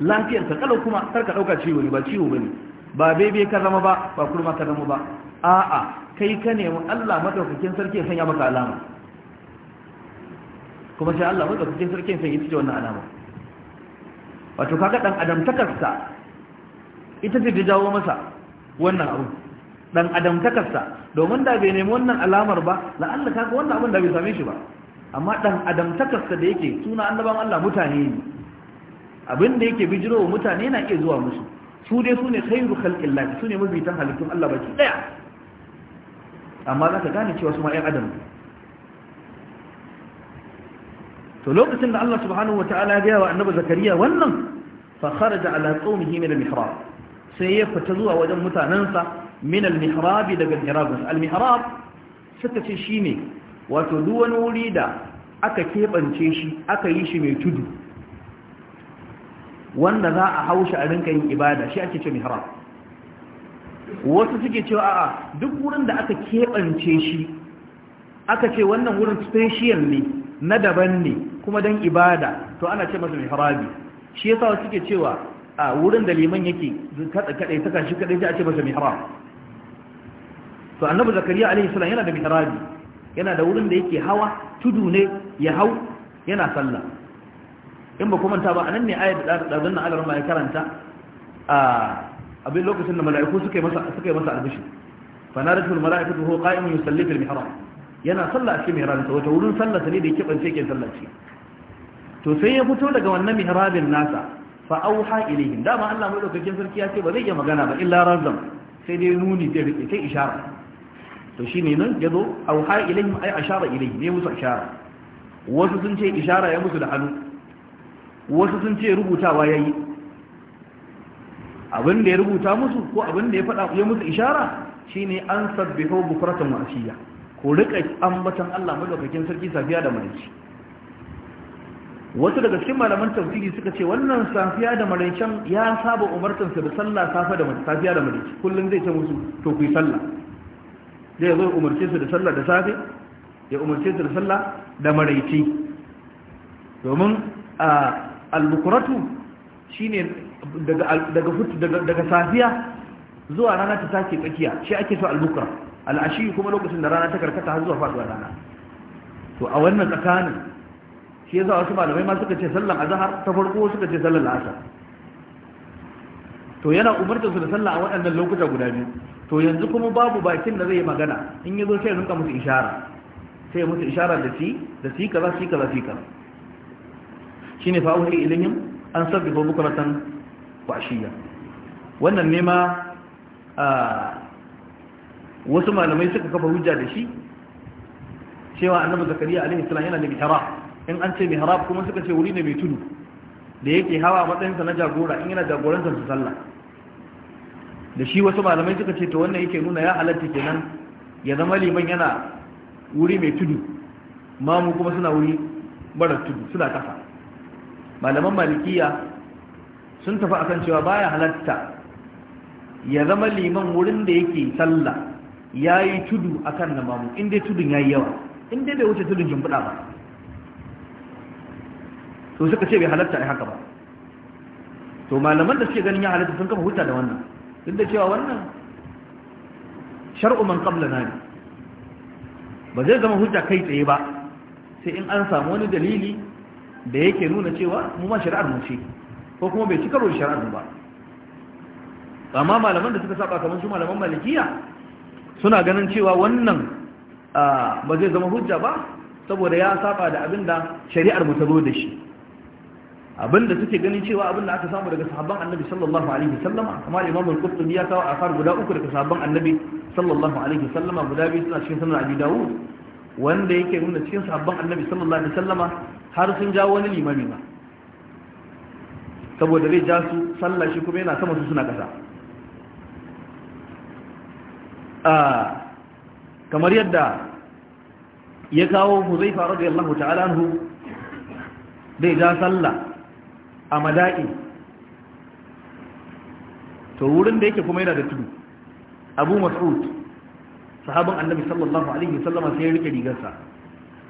lafiyar ka kalau kuma kar ka dauka ciwo ne ba ciwo ba ne. ba bebe ka zama ba ba kurma ka zama ba a'a kai ka nemi Allah madaukakin sarki ya sanya maka alama kuma sai Allah maka cikin sarkin sai ya ci wannan alama wato kaga dan adam takarsa ita ce ta jawo masa wannan abu dan adam takarsa domin da bai nemi wannan alamar ba la Allah kaga wannan abin da bai same shi ba amma dan adam takarsa da yake suna annaban Allah mutane ne abin da yake bijiro mutane na iya zuwa musu su dai su ne khairu khalqillah su ne mabitan halittun Allah baki daya amma zaka gane cewa su ma ɗan adam ne to lokacin da Allah subhanahu ta'ala ya gaya wa annabi zakariya wannan fa kharaja ala qaumihi min al-mihrab sai ya fita zuwa wajen mutanansa min al-mihrab daga mihrab al-mihrab suka ce shine wato duk wani wuri da aka kebance shi aka yi shi mai tudu wanda za a haushi a rinka yin ibada shi ake ce mihrab wasu suke cewa a'a duk wurin da aka kebance shi aka ce wannan wurin special ne na daban ne kuma don ibada to ana ce masa mihrabi shi yasa wasu suke cewa a wurin da liman yake kada kada saka shi kada sai ce masa mihrab to annabi zakariya alaihi salam yana da mihrabi yana da wurin da yake hawa tudu ne ya hau yana sallah in ba kuma ta ba anan ne ayat da dazan na alarma ya karanta a abin lokacin da mala'iku suka yi masa suka yi masa albishi fa naratul mala'ikatu huwa qa'imun yusalli fil mihrab yana sallah a cikin mihrabinsa wata wurin sallarsa ne da yake bance yake sallar shi to sai ya fito daga wannan mihrabin nasa fa auha ilaihim dama Allah mai dokokin sarki ya ce ba zai iya magana ba illa razam sai dai nuni da rike kai ishara to shine nan yazo auha ilaihim ay ashara ilaihim ne musu ishara wasu sun ce ishara ya musu da hannu wasu sun ce rubutawa yayi abin da ya rubuta musu ko abin da ya faɗa ya musu ishara shine an sabbihu bukratan wa ashiya ku rika ambatan Allah madaukakin sarki safiya da maraice wasu daga cikin malaman tafsiri suka ce wannan safiya da maraicen ya saba umartan sa da sallah safa da safiya da maraice kullun zai ta musu to ku yi sallah zai zo umarce su da sallah da safe ya umarce su da sallah da maraice domin al-bukuratu shine daga daga daga safiya zuwa rana ta sake tsakiya shi ake so al-bukra al'ashi kuma lokacin da rana ta karkata har zuwa faduwar rana to a wannan tsakanin shi yasa wasu malamai ma suka ce sallan azhar ta farko suka ce sallan asar to yana umartar su da sallah a waɗannan lokuta guda biyu to yanzu kuma babu bakin da zai magana in zo sai rinka musu ishara sai musu ishara da si, da shi kaza shi kaza shi kaza shine fa uhi ilayhim an sabbihu bukratan wa ashiya wannan ne ma ah, wasu malamai suka kafa hujja da shi cewa annabi zakariya alaihi salam yana da mihrab in an ce mihrab kuma suka ce wuri ne mai tudu da yake hawa matsayinsa na jagora in yana jagorantar su sallah da shi wasu malamai suka ce to wannan yake nuna ya halatta kenan ya zama liman yana wuri mai tudu mamu kuma suna wuri mara tudu suna kafa malaman malikiya sun tafi akan cewa baya halatta ya zama liman wurin da yake sallah ya yi tudu a kan na mamu inda tudun ya yi yawa inda bai wuce tudun jimbuɗa ba to suka ce bai halatta a haka ba to malaman da suke ganin ya halatta sun kafa huta da wannan inda cewa wannan shar'uman kabla na ne ba zai zama hujja kai tsaye ba sai in an samu wani dalili da yake nuna cewa mu ma shari'ar mu ce ko kuma bai ci karo shari'ar mu ba amma malaman da suka saba kamar su malaman malikiya suna ganin cewa wannan ba zai zama hujja ba saboda ya saba da abin da shari'ar mu ta zo da shi abin da suke ganin cewa abin da aka samu daga sahabban annabi sallallahu alaihi wasallama kamar imam al-qurtubi ya kawo asar guda uku daga sahabban annabi sallallahu alaihi wasallama guda biyu suna cikin sunan abi dawud wanda yake nuna cikin sahabban annabi sallallahu alaihi wasallama har sun jawo wani limami ba saboda zai ja su sallah shi kuma yana sama su suna kasa kamar yadda ya kawo huzaifa radiyallahu ta'ala anhu bai ga sallah a mada'i to wurin da yake kuma yana da tudu abu mas'ud sahabin annabi sallallahu alaihi sallama sai ya rike rigarsa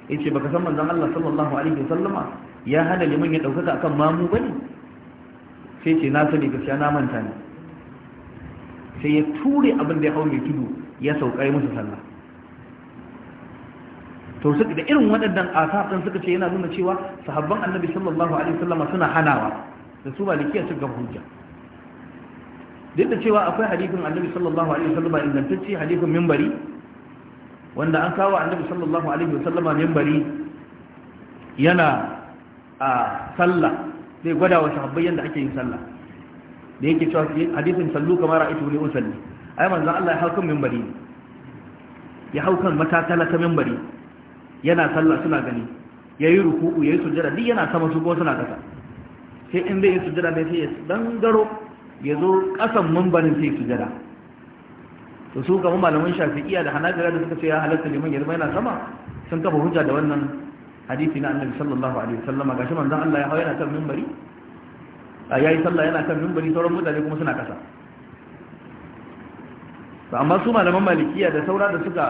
yace baka san manzon Allah sallallahu alaihi sallama ya hana liman ya dauka akan mamu bane sai ce na sani gaskiya na manta ne sai ya ture abin da ya hau mai tudu ya sauƙai musu sallah to suka da irin waɗannan din suka ce yana nuna cewa sahabban annabi sallallahu alaihi wasallam suna hanawa da su malikiya su gaba hujja duk da cewa akwai hadithin annabi sallallahu alaihi wasallama ingantacce hadithin minbari wanda an kawo annabi sallallahu alaihi wasallam minbari yana a sallah zai gwada wa sahabbai yadda ake yin sallah da yake cewa hadisin sallu kamar ra'aytu li usalli ai manzon Allah ya haukan minbari ya haukan matakala ta mimbari. yana sallah suna gani yayi ruku'u ya yayi sujjada duk yana sama su ko suna kasa sai in zai yi sujjada ne sai ya dangaro ya zo kasan mimbarin sai sujjada to su ga malaman shafi'iyya da hanabila da suka ce ya halatta liman ya zama yana sama sun kafa hujja da wannan hadisi na annabi sallallahu alaihi wasallama gashi manzon Allah ya hawo yana kan mimbari? ya yi sallah yana kan mimbari sauran mutane kuma suna kasa amma su malaman malikiya da saura da suka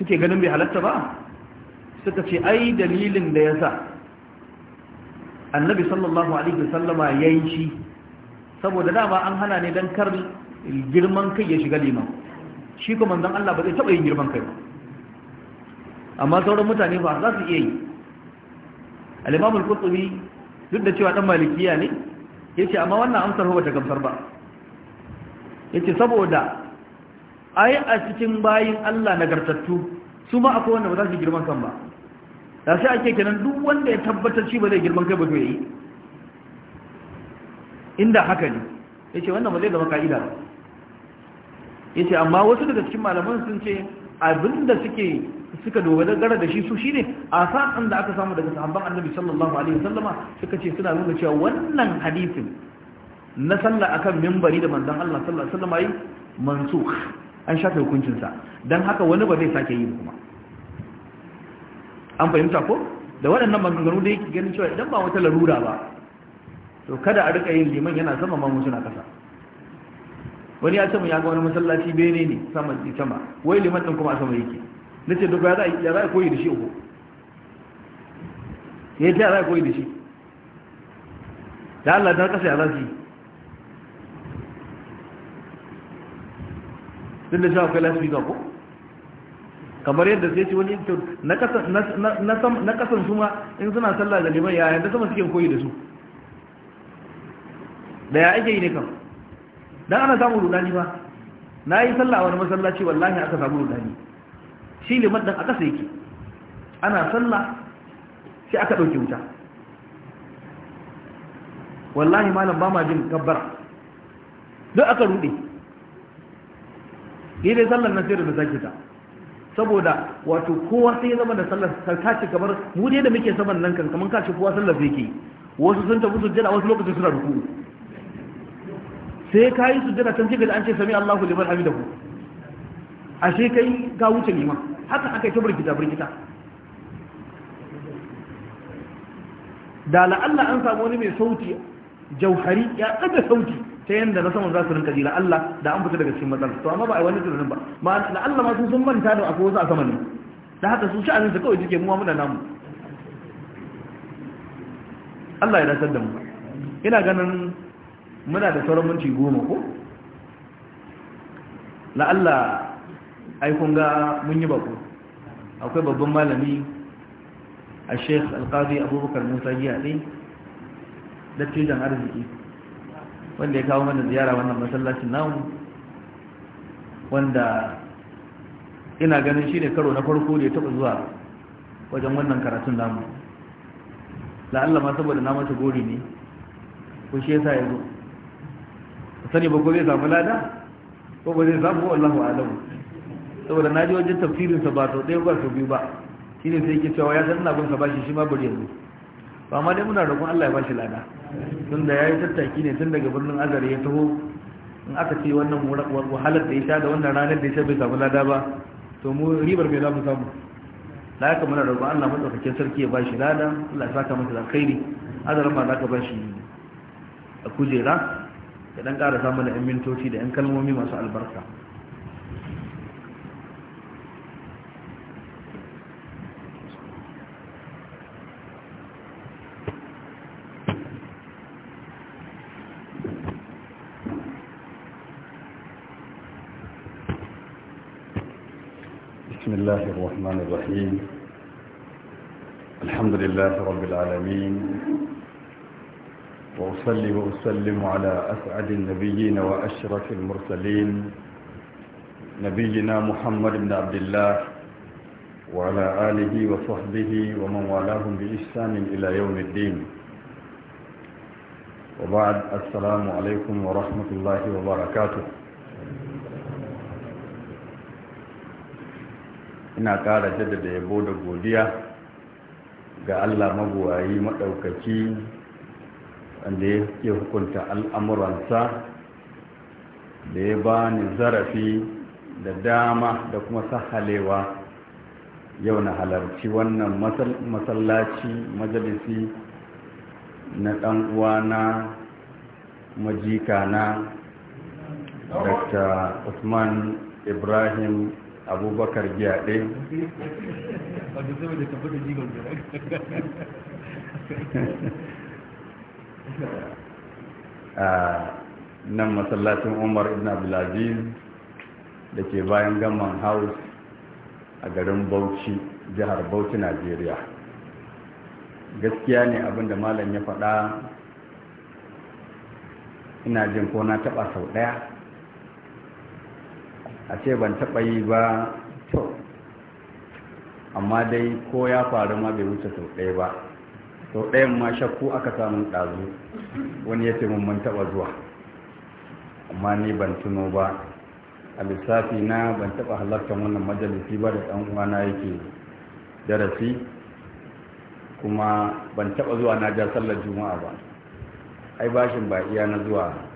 suke ganin bai halatta ba suka ce ai dalilin da ya sa annabi sallallahu alaihi wasallama ya yi shi saboda dama an hana ne don kar girman kai ya shiga liman shi kuma manzon Allah ba zai taɓa yin girman kai ba amma sauran mutane ba za su iya yi al-imam duk da cewa dan malikiya ne yace amma wannan amsar ba ta gamsar ba yace saboda ai a cikin bayin Allah nagartattu su ma akwai wanda ba za su girman kan ba da sai ake kenan duk wanda ya tabbatar shi ba zai girman kai ba to yayi inda haka ne yace wannan ba zai zama ka'ida ba yace amma wasu daga cikin malaman sun ce abinda suke suka dogara da shi su a sa’an da aka samu daga sahabban annabi sallallahu alaihi wasallama suka ce suna nuna cewa wannan hadisin na sallah akan mimbari da manzon Allah sallallahu alaihi wasallama yi mansukh an shafe hukuncin sa dan haka wani ba zai sake yi kuma an fahimta ko da waɗannan maganganu da yake ganin cewa idan ba wata larura ba to kada a rika yin liman yana sama ma suna kasa wani ya ce mu ya ga wani masallaci bene ne sama sama wai liman din kuma a sama yake na ce duk ya za a koyi da shi uku ya ce ya za a koyi da shi ta Allah ta kasa ya za su yi tun da shi akwai lasfika ko kamar yadda sai ce wani yankin na kasan su ma in suna sallah da liman yayin da sama suke koyi da su da ya ake yi ne kam don ana samun rudani ba na yi sallah a wani masallaci wallahi aka samu rudani shi ne ɗan a ƙasa yake ana sallah sai aka ɗauki wuta wallahi malam ba ma jin gabbara duk aka ruɗe ne dai sallar na sai da zaki ta saboda wato kowa sai ya zama da sallar ta ce kamar mu dai da muke saman nan kan kamar kace kowa sallar zai ke wasu sun tafi jira wasu lokacin suna ruku sai ka yi jira can cikin an ce sami Allahu liman hamidahu ashe kai ka wuce liman haka aka yi ta burgita burgita da la'alla an samu wani mai sauti jauhari ya ɗaga sauti ta yadda na saman za su rinka ji la'alla da an fita daga cikin matsalar to amma ba a yi wani tunanin ba la'alla ma sun manta da akwai wasu a saman da haka su sha'anin su kawai jike muwa muna namu Allah ya dasar da mu ina ganin muna da sauran minti goma ko la'alla ai kun ga mun yi bako akwai babban malami a sheikh alkazi abubakar musa giya da dattijan arziki wanda ya kawo mana ziyara wannan masallacin namu wanda ina ganin shi ne karo na farko da ya taɓa zuwa wajen wannan karatun namu la'alla ma saboda na mata gori ne ko shi yasa ya zo sani ba ko zai samu lada ko ba zai samu wallahu alamu saboda na ji wajen sa ba sau ɗaya ba sau biyu ba shi ne sai yake cewa ya san ina gunsa bashi shi ma bari yanzu ba ma dai muna roƙon Allah ya bashi lada tun da ya yi tattaki ne tun daga birnin azar ya taho in aka ce wannan wahalar da ya sha da wannan ranar da ya sha bai samu lada ba to mu ribar mai za mu samu da haka muna roƙon Allah maɗaukakin sarki ya bashi lada Allah ya saka masa alkhairi azarin ma za ka bashi a kujera ya ɗan ƙara samun da 'yan mintoci da 'yan kalmomi masu albarka الله الرحمن الرحيم الحمد لله رب العالمين وأصلي وأسلم على أسعد النبيين وأشرف المرسلين نبينا محمد بن عبد الله وعلى آله وصحبه ومن والاهم بإحسان إلى يوم الدين وبعد السلام عليكم ورحمة الله وبركاته ina ƙara da yabo da godiya ga allah mabuwayi maɗaukaci, wanda ya ke hukunta al'amuransa da ya ba ni zarafi da dama da kuma sahalewa yau na halarci wannan masallaci majalisi na ɗan uwana majikana dr usman ibrahim abubakar giya ɗaya a nan masallacin umar ibn abdulaziz da ke bayan gaman house a garin bauchi jihar bauchi najeriya gaskiya ne abinda malam ya faɗa ina jin ko na taɓa sau ɗaya a ce ban taɓa yi ba to amma dai ko ya faru ma bai wuce sau ɗaya ba sau ɗayan ma shakku aka samun ɗazu wani ya ce mun taɓa zuwa amma ni ban tuno ba a lissafi na ban taɓa halartar wannan majalisi ba da ɗan uwana yake darasi kuma ban taɓa zuwa na ja sallar juma'a ba ai bashin ba iya na zuwa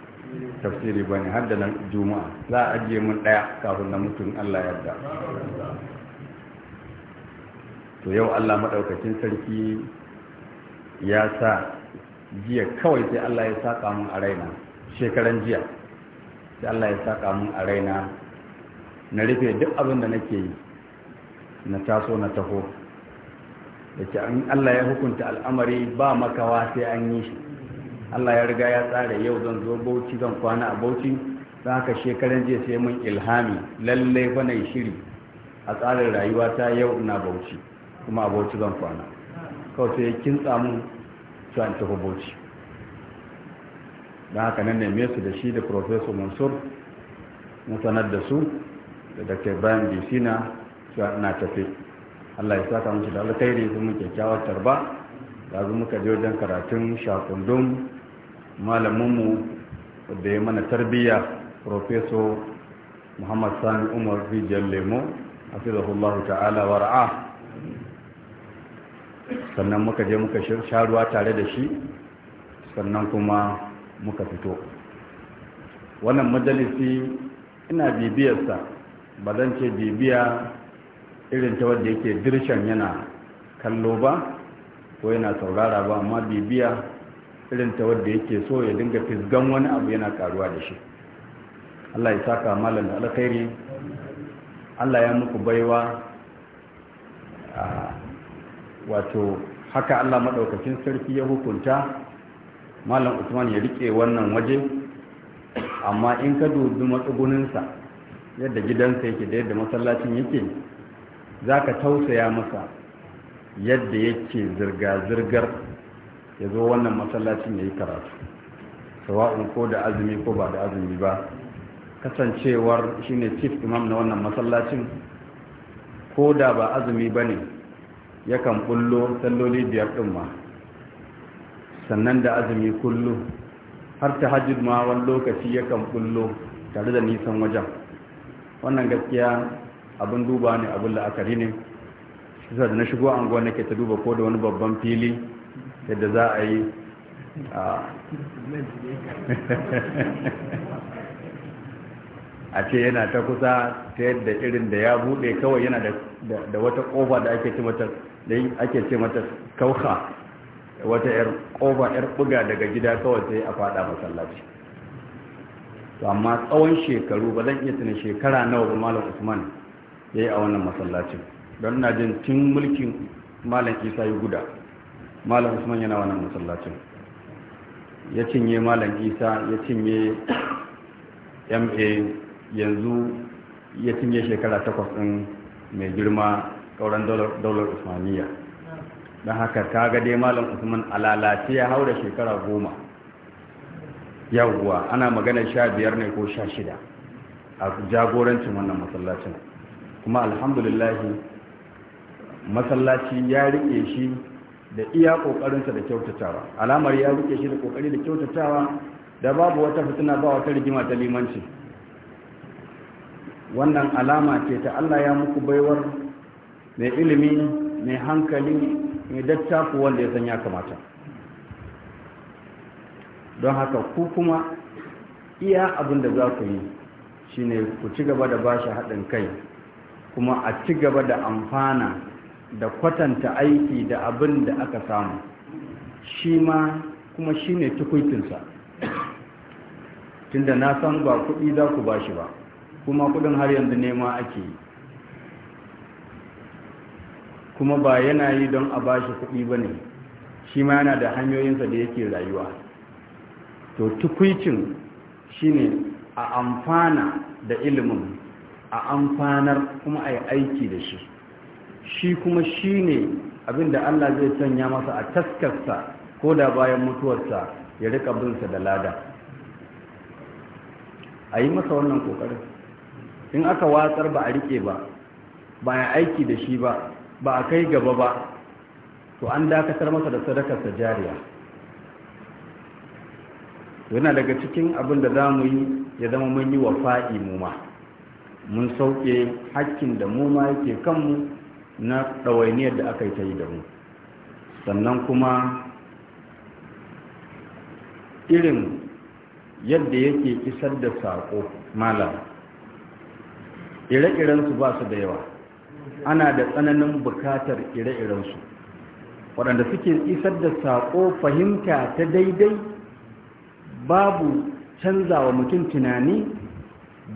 tafsiri bane har da nan juma'a za a ajiye mun daya kafin na mutum Allah yarda to yau Allah madaukakin sarki ya sa jiya kawai sai Allah ya saka mun a raina shekaran jiya sai Allah ya saka mun a raina na rufe duk abin da nake yi na taso na taho da ke an Allah ya hukunta al'amari ba makawa sai an yi shi Allah ya riga ya tsara yau zan zo bauchi zan kwana a bauchi don haka shekaran jiya sai mun ilhami lallai fa na shiri a tsarin rayuwa ta yau ina bauchi kuma a bauchi zan kwana kawai sai kin tsamu su an tafi bauchi don haka nan neme su da shi da professor mansur mun sanar da su da dr brian bisina su na tafi allah ya saka musu da alkhairi kuma kyakkyawar tarba yanzu muka je wajen karatun shakundun malaminmu da ya mana tarbiyya profeso muhammad sani umar rijiyar lemo a fizahullahu ta'ala wa ra'a sannan muka je muka sharuwa tare da shi sannan kuma muka fito wannan majalisi ina bibiyarsa ba zan ce bibiya irin ta wadda yake dirshan yana kallo ba ko yana saurara ba amma bibiya irin ta wadda yake so ya dinga fisgan wani abu yana karuwa da shi Allah ya saka malam da alkhairi Allah ya muku baiwa wato haka Allah madaukakin sarki ya hukunta malam Usman ya rike wannan waje amma in ka dubi matsuguninsa yadda gidansa yake da yadda masallacin yake za ka tausaya masa yadda yake zirga-zirgar ya zo wannan masallacin ya yi karatu sawa'un ko da azumi ko ba da azumi ba kasancewar shine chief imam na wannan masallacin ko da ba azumi ba ne yakan bullo salloli biyar ɗin ma sannan da azumi kullu har ta hajjud ma wani lokaci yakan bullo tare da nisan wajen wannan gaskiya abin duba ne abin la'akari ne shi da na shigo unguwar nake ta duba ko da wani babban fili yadda za a yi a ce yana ta kusa ta yadda irin da ya buɗe kawai yana da wata ƙofa da ake ce mata da kauka wata yar ƙofa yar buga daga gida kawai sai a faɗa masallaci to amma tsawon shekaru ba zan iya tuna shekara nawa ba malam usman ya yi a wannan masallacin don na jin tun mulkin malam isa yi guda malam usman yana wannan masallacin ya cinye malam isa ya cinye ma yanzu ya cinye shekara takwas ɗin mai girma ƙauran daular usmaniya don haka ta ga dai malam usman a lalace ya haura shekara goma yawuwa ana magana sha biyar ne ko sha shida a jagorancin wannan masallacin kuma alhamdulillahi masallaci ya riƙe shi da iya kokarinsa da kyautatawa alamar ya rike shi da kokari da kyautatawa da babu wata fitina ba wata rigima ta limanci wannan alama ce ta Allah ya muku baiwar mai ilimi mai hankali mai dattaku wanda ya san ya kamata don haka ku kuma iya abin da za ku yi shine ku ci gaba da bashi haɗin kai kuma a ci gaba da amfana da kwatanta aiki da abin da aka samu shi ma kuma shi ne tun tunda na san ba kuɗi za ku ba shi ba kuma kuɗin har yanzu nema ake yi kuma ba yana yi don a ba shi kuɗi ba ne shi ma yana da hanyoyinsa da yake rayuwa to tukwicin shi ne a amfana da ilimin a amfanar kuma a yi aiki da shi shi kuma shi ne abinda Allah zai sanya masa a taskarsa ko da bayan mutuwarsa ya rika binsa da lada a yi masa wannan kokarin in aka watsar ba a rike ba ba a aiki da shi ba ba a kai gaba ba to an dakatar masa da sadakarsa jariya yana daga cikin abin da za mu yi ya zama mun yi wa fa'i mu ma mun sauke hakkin da mu ma yake kanmu na ɗawainiyar da aka yi ta yi da mu sannan kuma irin yadda yake isar da saƙo malam ire-irensu ba su da yawa ana da tsananin bukatar ire-irensu waɗanda suke isar da saƙo fahimta ta daidai babu canzawa mutum tunani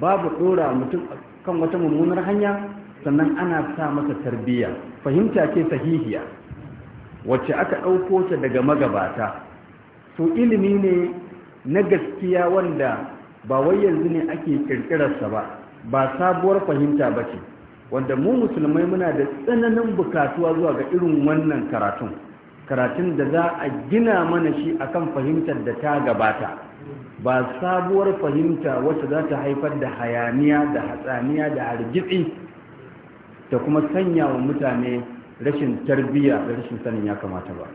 babu ɗora mutum kan wata mummunar hanya sannan ana sa masa tarbiyya fahimta ce sahihiya wacce aka ɗauko ta daga magabata to ilimi ne na gaskiya wanda ba wai yanzu ne ake kirkirarsa ba ba sabuwar fahimta ba ce wanda mu musulmai muna da tsananin bukatuwa zuwa ga irin wannan karatun karatun da za a gina mana shi akan fahimtar da ta gabata ba sabuwar fahimta wacce za ta haifar da hayaniya da hatsaniya da hargitsi da kuma sanya wa mutane rashin tarbiyya da rashin sanin ya kamata ba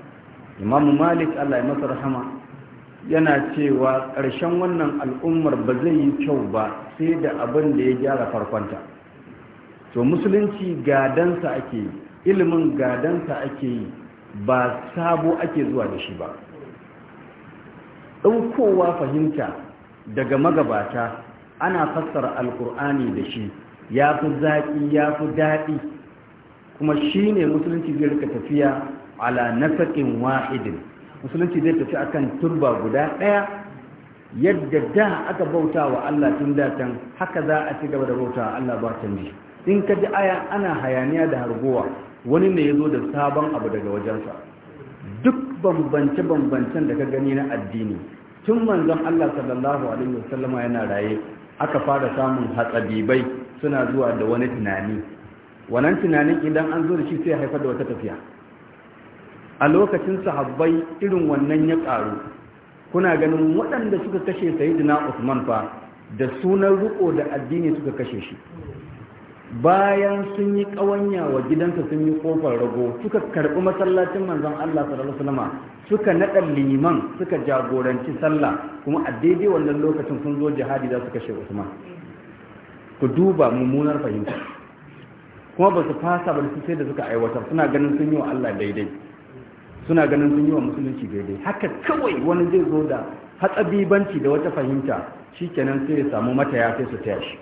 Imam malik allah ya masa rahama yana cewa ƙarshen wannan al'ummar ba zai yi kyau ba sai da abin da ya gyara farkonta to musulunci gadansa ake yi ilimin gadansa ake yi ba sabo ake zuwa da shi ba ɗaukowa fahimta daga magabata ana fassara alkur'ani da shi ya fi zaƙi ya fi daɗi kuma shi ne musulunci zai rika tafiya ala nasaƙin wa'idin musulunci zai tafi akan turba guda ɗaya yadda da aka bauta wa Allah tun datan haka za a ci gaba da bauta wa Allah ba canji in ka ji aya ana hayaniya da hargowa wani ne ya zo da sabon abu daga wajensa duk bambance-bambancen da ka gani na addini tun manzon Allah sallallahu alaihi wasallama yana raye aka fara samun hatsabibai suna zuwa da wani tunani wannan tunanin idan an zo da shi sai haifar da wata tafiya a lokacin sahabbai irin wannan ya ƙaru kuna ganin waɗanda suka kashe Sayyidina usman fa da sunan ruko da addini suka kashe shi bayan sun yi ƙawanya wa gidansa sun yi ƙofar rago suka karɓi masallacin manzon Allah sallallahu alaihi suka naɗa liman suka jagoranci sallah kuma a daidai wannan lokacin sun zo jihadi za su kashe Usman ku duba mummunar fahimta kuma ba su fasa ba da su sai da suka aiwatar suna ganin sun yi wa Allah daidai suna ganin sun yi wa musulunci daidai haka kawai wani zai zo da hatsabibanci da wata fahimta shi kenan sai ya samu mataya sai su taya shi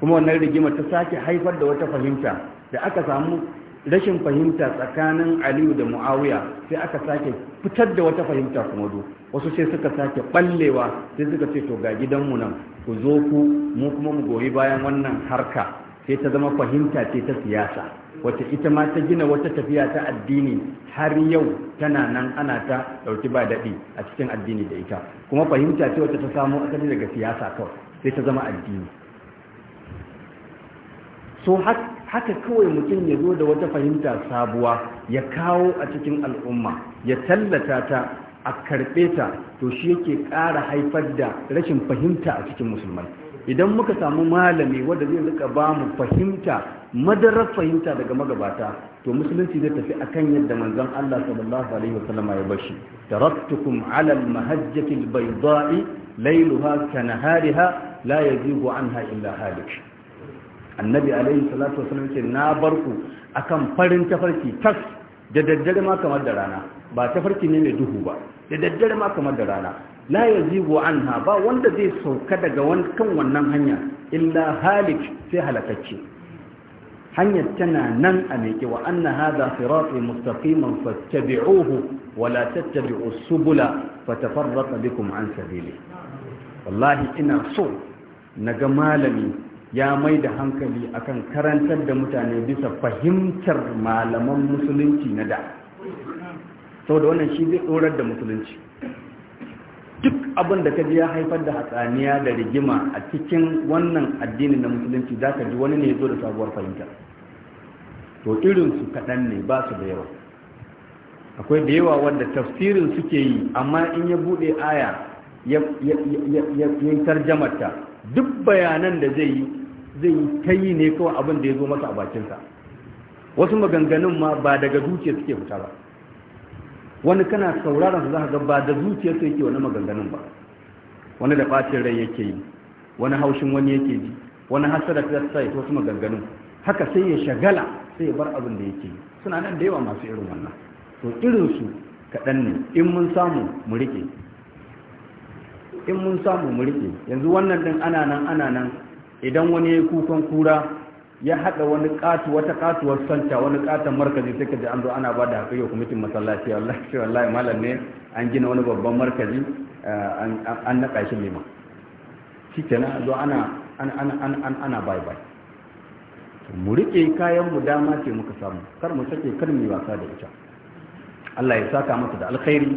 kuma wannan rigima ta sake haifar da wata fahimta da aka samu rashin fahimta tsakanin aliyu da mu'awiya sai aka sake fitar da wata fahimta kuma do wasu sai suka sake ballewa sai suka ce to ga gidanmu nan ku zo ku mu kuma mu goyi bayan wannan harka sai ta zama fahimta ce ta siyasa wacce ita ma ta gina wata tafiya ta addini har yau tana nan ana ta dauki ba daɗi a cikin addini da ita kuma fahimta ce wacce ta samo asali daga siyasa kawai sai ta zama addini so haka haka kawai mutum ya zo da wata fahimta sabuwa ya kawo a cikin al'umma ya tallata ta a karɓe ta to shi yake ƙara haifar da rashin fahimta a cikin musulmai idan muka samu malami wanda zai rika ba mu fahimta madarar fahimta daga magabata to musulunci zai tafi akan yadda manzon Allah sallallahu alaihi wasallam ya bashi taraktukum ala al-mahajjati al-bayda'i laylaha ka la yazighu anha illa halik annabi alaihi salatu wasallam ce na bar ku akan farin tafarki tas da daddare ma kamar da rana ba tafarki ne mai duhu ba da daddare ma kamar da rana la yazigu anha ba wanda zai sauka daga kan wannan hanya illa halik sai halakacce hanyar tana nan a miƙe wa anna hadha sirati mustaqiman fattabi'uhu wa la tattabi'u subula fatafarraqa bikum an sabili wallahi ina so naga malami ya mai da hankali akan karantar da mutane bisa fahimtar malaman musulunci na da sau da wannan shi zai tsorar da musulunci duk abin da ji ya haifar da hatsaniya da rigima a cikin wannan addinin na musulunci za ka ji wani ne ya zo da sabuwar fahimta to irinsu kaɗan ne ba su da yawa akwai da yawa wanda tafsirin suke yi amma in ya buɗe aya ya yi tarjamarta duk bayanan da zai yi zai ta yi ne kawai abin da ya zo masa a bakinsa wasu maganganun ma ba daga zuciya suke fita ba wani kana sauraron su za ga ba da zuciya su yake wani maganganun ba wani da ɓacin rai yake yi wani haushin wani yake ji wani hasara ta sa ya wasu maganganun haka sai ya shagala sai ya bar abin da yake yi suna nan da yawa masu irin wannan to irin su kaɗan ne in mun samu mu riƙe in mun samu mu riƙe yanzu wannan ɗin ana nan ana nan idan wani ya yi kukan kura ya haɗa wani ƙatu wata ƙatuwar santa wani ƙatan markazi sai ka ji an zo ana ba da haƙi ga kwamitin masallaci wallahi wallahi malam ne an gina wani babban markazi eh, an naɗa shi lima shi na zo ana ana bai bai mu riƙe kayan mu dama ce muka samu kar mu sake kar mu wasa da ita Allah ya saka masa da alkhairi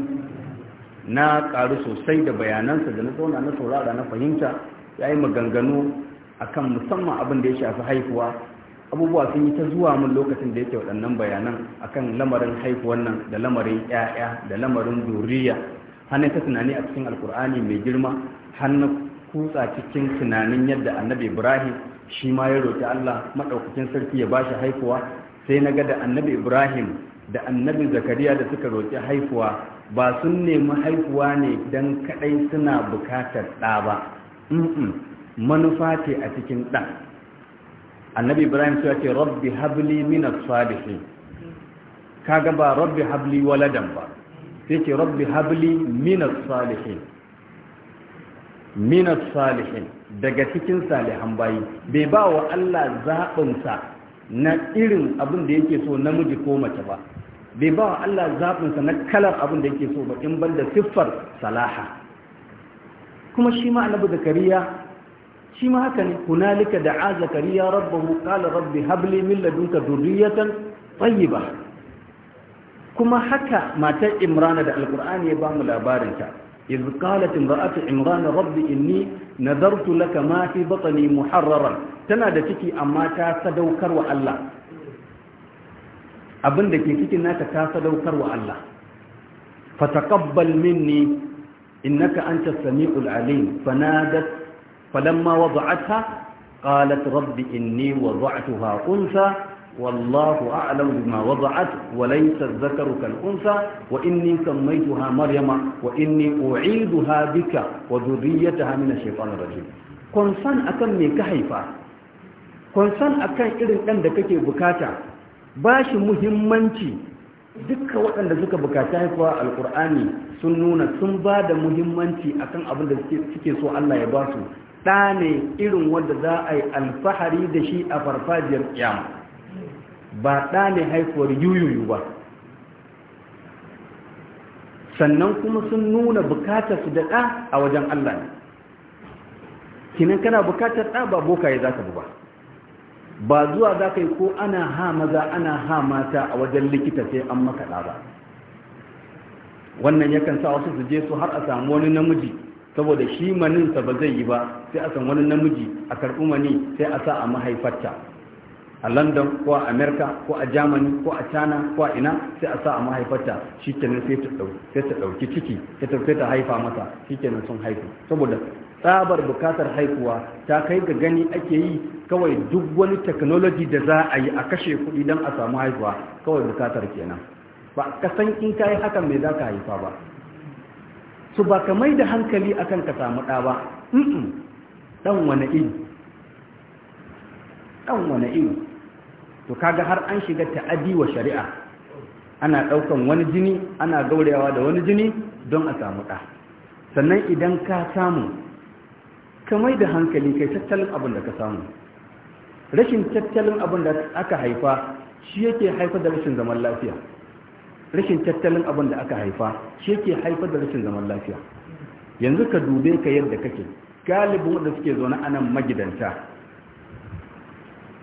na ƙaru sosai da bayanansa da na zauna na saurara na fahimta ya yi maganganu akan musamman abin da ya shafi haihuwa abubuwa sun yi ta zuwa mun lokacin da yake waɗannan bayanan akan lamarin haihuwan nan da lamarin 'ya'ya da lamarin zuriya hannun ta tunani a cikin alkur'ani mai girma hannun kutsa cikin tunanin yadda annabi ibrahim shi ma ya roƙi allah maɗaukakin sarki ya ba shi haihuwa sai na ga da annabi ibrahim da annabi zakariya da suka roƙi haihuwa ba sun nemi haihuwa ne don kaɗai suna bukatar ɗa ba manufa ce a cikin ɗan annabi ibrahim ya ce rabbi habli mina salihi ka ba rabbi habli waladan ba sai ce rabbi habli mina salihi mina salihi daga cikin salihan bayi bai ba wa Allah zaɓinsa na irin abin da yake so namiji ko mace ba bai ba wa Allah zaɓinsa na kalar abin da yake so ba in banda siffar salaha kuma shi ma annabi zakariya shi ma haka ne hunalika da'a zakariya rabbahu kala rabbi habli min ladunka dhurriyatan tayyiba kuma haka matar imrana da alqur'ani ya ba mu labarin ta iz qalat imra'atu imrana rabbi inni nadartu laka ma fi batni muharraran tana da ciki amma ta sadaukar wa Allah Abinda ke cikin nata ta sadaukar wa Allah fataqabbal minni innaka antas samiul alim fanadat فلما وضعتها قالت رب إني وضعتها أنثى والله أعلم بما وضعت وليس الذكر كالأنثى وإني سميتها مريم وإني أعيدها بك وذريتها من الشيطان الرجيم كونسان أكن مي كهيفا كونسان أكن إذن أن دكك بكاتا باش مهمنتي dukkan waɗanda suka bukata haifuwa alƙur'ani sun nuna sun ba da muhimmanci akan abin da suke so Allah ya ba su ɗa ne irin wanda za a yi alfahari da shi a farfajiyar kyamu ba ɗa ne haifuwar yuyuyu ba sannan kuma sun nuna bukatar su da ɗa a wajen Allah ne kinan kana bukatar ɗa ba ya za ka ba ba zuwa za ka yi ko ana ha maza ana ha mata a wajen likita sai an maka ɗa ba wannan yakan sa wasu su je su har a samu wani namiji saboda shi maninsa ba zai yi ba sai a san wani namiji a karɓi ni sai a sa a mahaifarta a london ko a america ko a germany ko a china ko a ina sai a sa a mahaifarta shi kenan sai ta ɗauki ciki sai ta haifa masa shi kenan sun haifu saboda tsabar bukatar haihuwa ta kai ga gani ake yi kawai duk wani technology da za a yi a kashe kuɗi don a samu haihuwa kawai bukatar kenan ba ka san in ka yi hakan me za ka haifa ba su ba ka mai da hankali akan ka samu ɗa ba ɗan wane iri ɗan wane iri to kaga har an shiga ta'adi wa shari'a ana ɗaukan wani jini ana gaurewa da wani jini don a samu ɗa sannan idan ka samu ka mai da hankali kai tattalin abin da ka samu rashin tattalin abin da aka haifa shi yake haifar da rashin zaman lafiya rashin tattalin abin da aka haifa shi ke haifar da rashin zaman lafiya yanzu ka dube ka yadda kake galibin wanda suke zaune a nan magidanta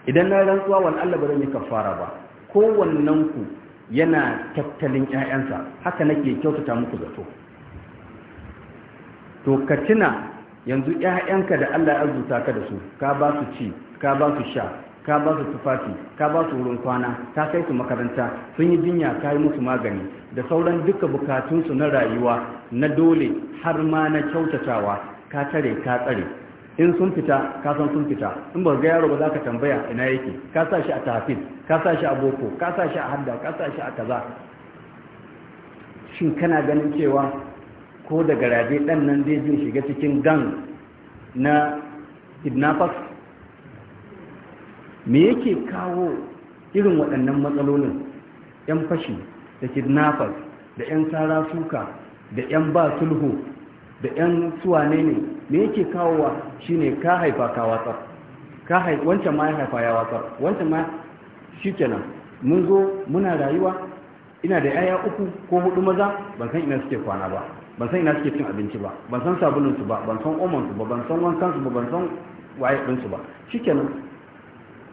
idan na rantsuwa wani Allah ba zan yi kafara ba kowannen ku yana tattalin ƴaƴansa haka nake kyautata muku zato to ka tuna yanzu ƴaƴanka da Allah ya azuta ka da su ka ba su ci ka ba su sha ka ba su tufafi ka ba su wurin kwana ta kai su makaranta sun yi jinya ka yi musu magani da sauran duka bukatunsu na rayuwa na dole har ma na kyautatawa ka tare ka tsare in sun fita ka san sun fita in ba ga yaro ba za ka tambaya ina yake ka sa shi a tafin ka sa shi a boko ka sa shi a hadda ka sa shi a kaza shin kana ganin cewa ko daga rabe dan nan zai je shiga cikin gang na kidnappers me yake kawo irin waɗannan matsalolin 'yan fashi da kidnappers da 'yan tsara suka da 'yan ba sulhu da 'yan suwane ne me yake kawowa ne ka haifa ka watsar wancan ma ya haifa ya watsar wancan ma shi kenan mun zo muna rayuwa ina da yaya uku ko hudu maza ban san ina suke kwana ba ban san ina suke cin abinci ba ban san sabulinsu ba ban san omansu ba ban san wankansu ba ban san waye ba shi ba shikenan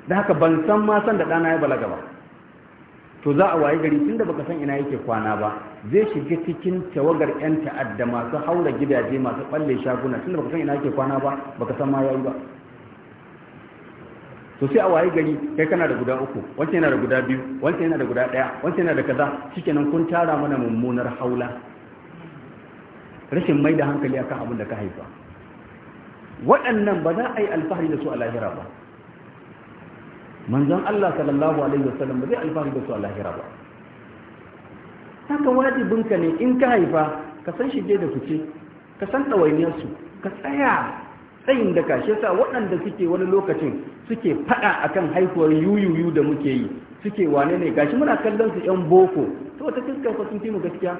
da haka ban san ma san da ɗana ya balaga ba to za a waye gari tun da baka san ina yake kwana ba zai shiga cikin tawagar 'yan ta'adda masu haura gidaje masu ɓalle shaguna tun da baka san ina yake kwana ba baka san ma ya yi ba to sai a waye gari kai kana da guda uku wancan yana da guda biyu wancan yana da guda ɗaya wancan yana da kaza shikenan kun tara mana mummunar haula rashin mai da hankali akan abin da ka haifa waɗannan ba za a yi alfahari da su a lahira ba manzon Allah sallallahu alaihi wasallam ba zai alfahari da su a lahira ba haka wajibin ka ne in ka haifa ka san shige da fice ka san ɗawainiyarsu ka tsaya tsayin da kashe sa waɗanda suke wani lokacin suke faɗa akan haihuwar yuyuyu da muke yi suke wane ne gashi muna kallon su yan boko to wata fuskar sun fi mu gaskiya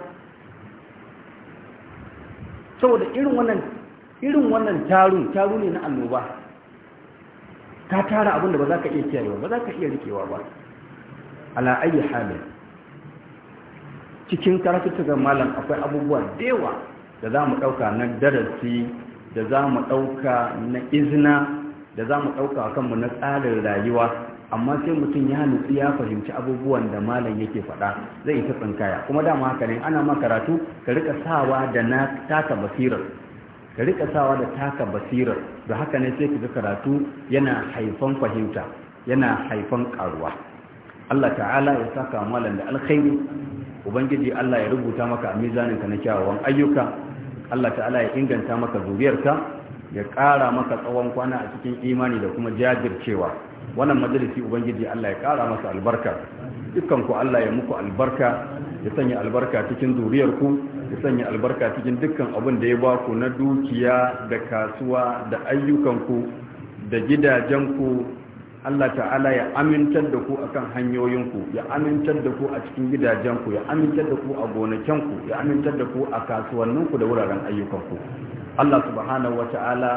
saboda irin wannan irin wannan taru taru ne na annoba ta tara abinda da ba za ka iya kiyayewa ba za ka iya rikewa ba ala ayi halin cikin karatuttukan malam akwai abubuwa dewa da za mu ɗauka na darasi da za mu ɗauka na izina da za mu ɗauka kanmu na tsarin rayuwa amma sai mutum ya nutsu ya fahimci abubuwan da malam yake faɗa zai yi ta tsinkaya kuma dama haka ne ana ma karatu ka rika sawa da na taka basirar ka rika sawa da taka basirar da haka ne sai kaga karatu yana haifan fahimta yana haifan karuwa Allah ta'ala ya saka Mallam da alkhairi ubangiji Allah ya rubuta maka a mizaninka na kyawawan ayyuka Allah ta'ala ya inganta maka zuriyarka ya ƙara maka tsawon kwana a cikin imani da kuma jajircewa wannan majalisi ubangiji Allah ya ƙara masa albarka dukkan ku Allah ya muku albarka ya sanya albarka cikin zuriyarku ku sanya albarka cikin dukkan abin da ya ba ku na dukiya da kasuwa da ayyukanku da gidajenku Allah ta'ala ya amintar da ku akan hanyoyinku ya amintar da ku a cikin gidajenku ya amintar da ku a gonakinku ya amintar da ku a kasuwanninku da wuraren ayyukanku Allah subhanahu wa ta'ala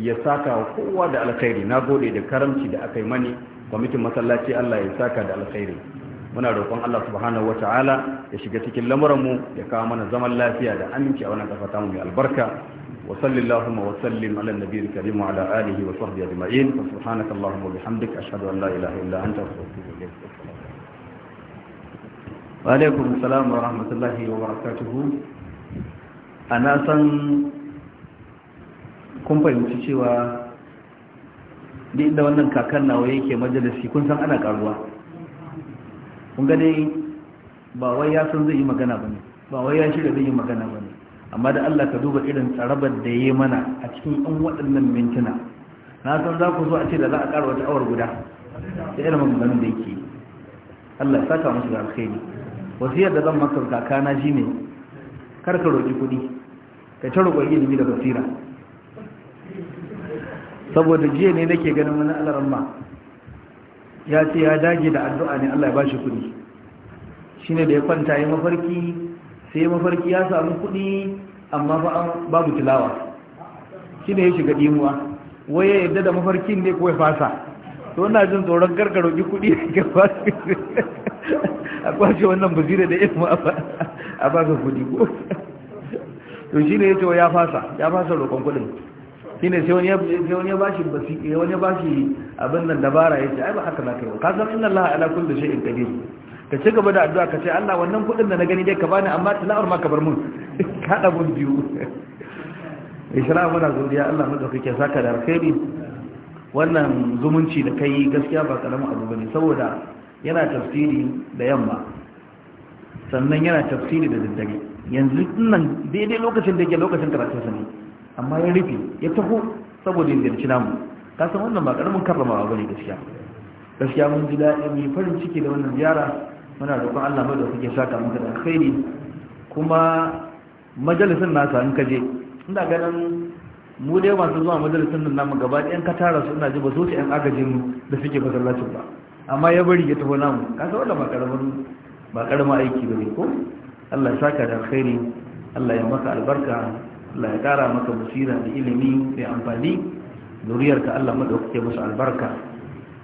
ya saka kowa da alkhairi na gode da karamci da aka yi mani kwamitin masallaci Allah ya saka da alkhairi muna roƙon Allah subhanahu wa ta'ala ya shiga cikin lamuranmu ya kawo mana zaman lafiya da aminci a wannan kafa mu mai albarka wa sallallahu wa sallim ala nabiyil karim wa ala alihi wa sahbihi ajma'in wa subhanaka allahumma wa bihamdika ashhadu an la ilaha illa anta astaghfiruka wa atubu ilayk wa alaikum assalam wa rahmatullahi wa barakatuhu ana san kun fahimci cewa duk da wannan kakan nawa yake majalisi kun san ana karuwa kun ga dai ba wai ya san zai yi magana ba ne, ba wai ya shirya zai yi magana ba ne. amma da Allah ka duba irin tsarabar da yayi mana a cikin ɗan waɗannan mintuna na san za ku zo a ce da za a ƙara wata awar guda da irin maganganun da yake Allah ya saka musu da alkhairi wasiyar da zan maka kakana shine kar ka roki kuɗi ka ci roƙon ilimi da basira saboda jiya ne nake ganin wani alarma ya ce ya dage da addu'a ne Allah ya bashi kudi shine da ya kwanta ya mafarki sai mafarki ya samu kudi amma babu tilawa shi ne ya shiga dimuwa wai ya yadda da mafarkin ne ko ya fasa to ina jin tsoron gargaro ki kudi ga fasa a kwashe wannan bazira da ilmu a fasa kudi ko to shi ne ya ce ya fasa ya fasa roƙon kudin shine sai wani sai wani bashi basi eh, wani bashi abin nan dabara yace ai ba haka na yi ka san inna allaha ala kulli shay'in qadir ka ci gaba da addu'a ka ce Allah wannan kudin da na gani dai ka bani amma tilawar ma ka bar mun ka da mun biyu ishra eh, muna godiya Allah mu dauke saka da alkhairi wannan zumunci da kai gaskiya ba karamin abu bane saboda yana tafsiri da yamma sannan yana tafsiri da daddare yanzu nan daidai lokacin da yake lokacin karatun sanin amma ya rufe ya taho saboda yin ziyarci namu ka san wannan ba karamin karramawa ne gaskiya gaskiya mun ji daɗi mai farin ciki da wannan ziyara muna roƙon Allah mai da suke saka muka da alkhairi kuma majalisar nasa in kaje ina ganin mu dai masu zuwa majalisar nan namu gaba ɗayan ka tara su ina ji ba su ta yan agajin da suke masallacin ba amma ya bari ya taho namu ka san wannan ba karamin ba karamin aiki ne ko Allah ya saka da alkhairi Allah ya maka albarka Allah maka musira da ilimi mai amfani zuriyarka Allah maɗaukake musu albarka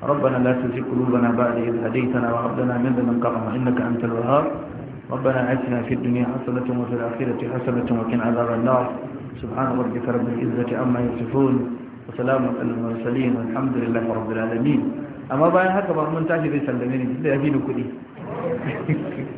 rabbana la tusi qulubana ba'da idh hadaytana wa hab lana min ladunka rahmatan innaka antal wahhab rabbana atina fid dunya hasanatan wa fil akhirati hasanatan wa qina adhaban nar subhana rabbika rabbil izzati amma yasifun wa salamun alal mursalin walhamdulillahi rabbil amma bayan haka ba mun tashi sai sallame ne da yafi ni kudi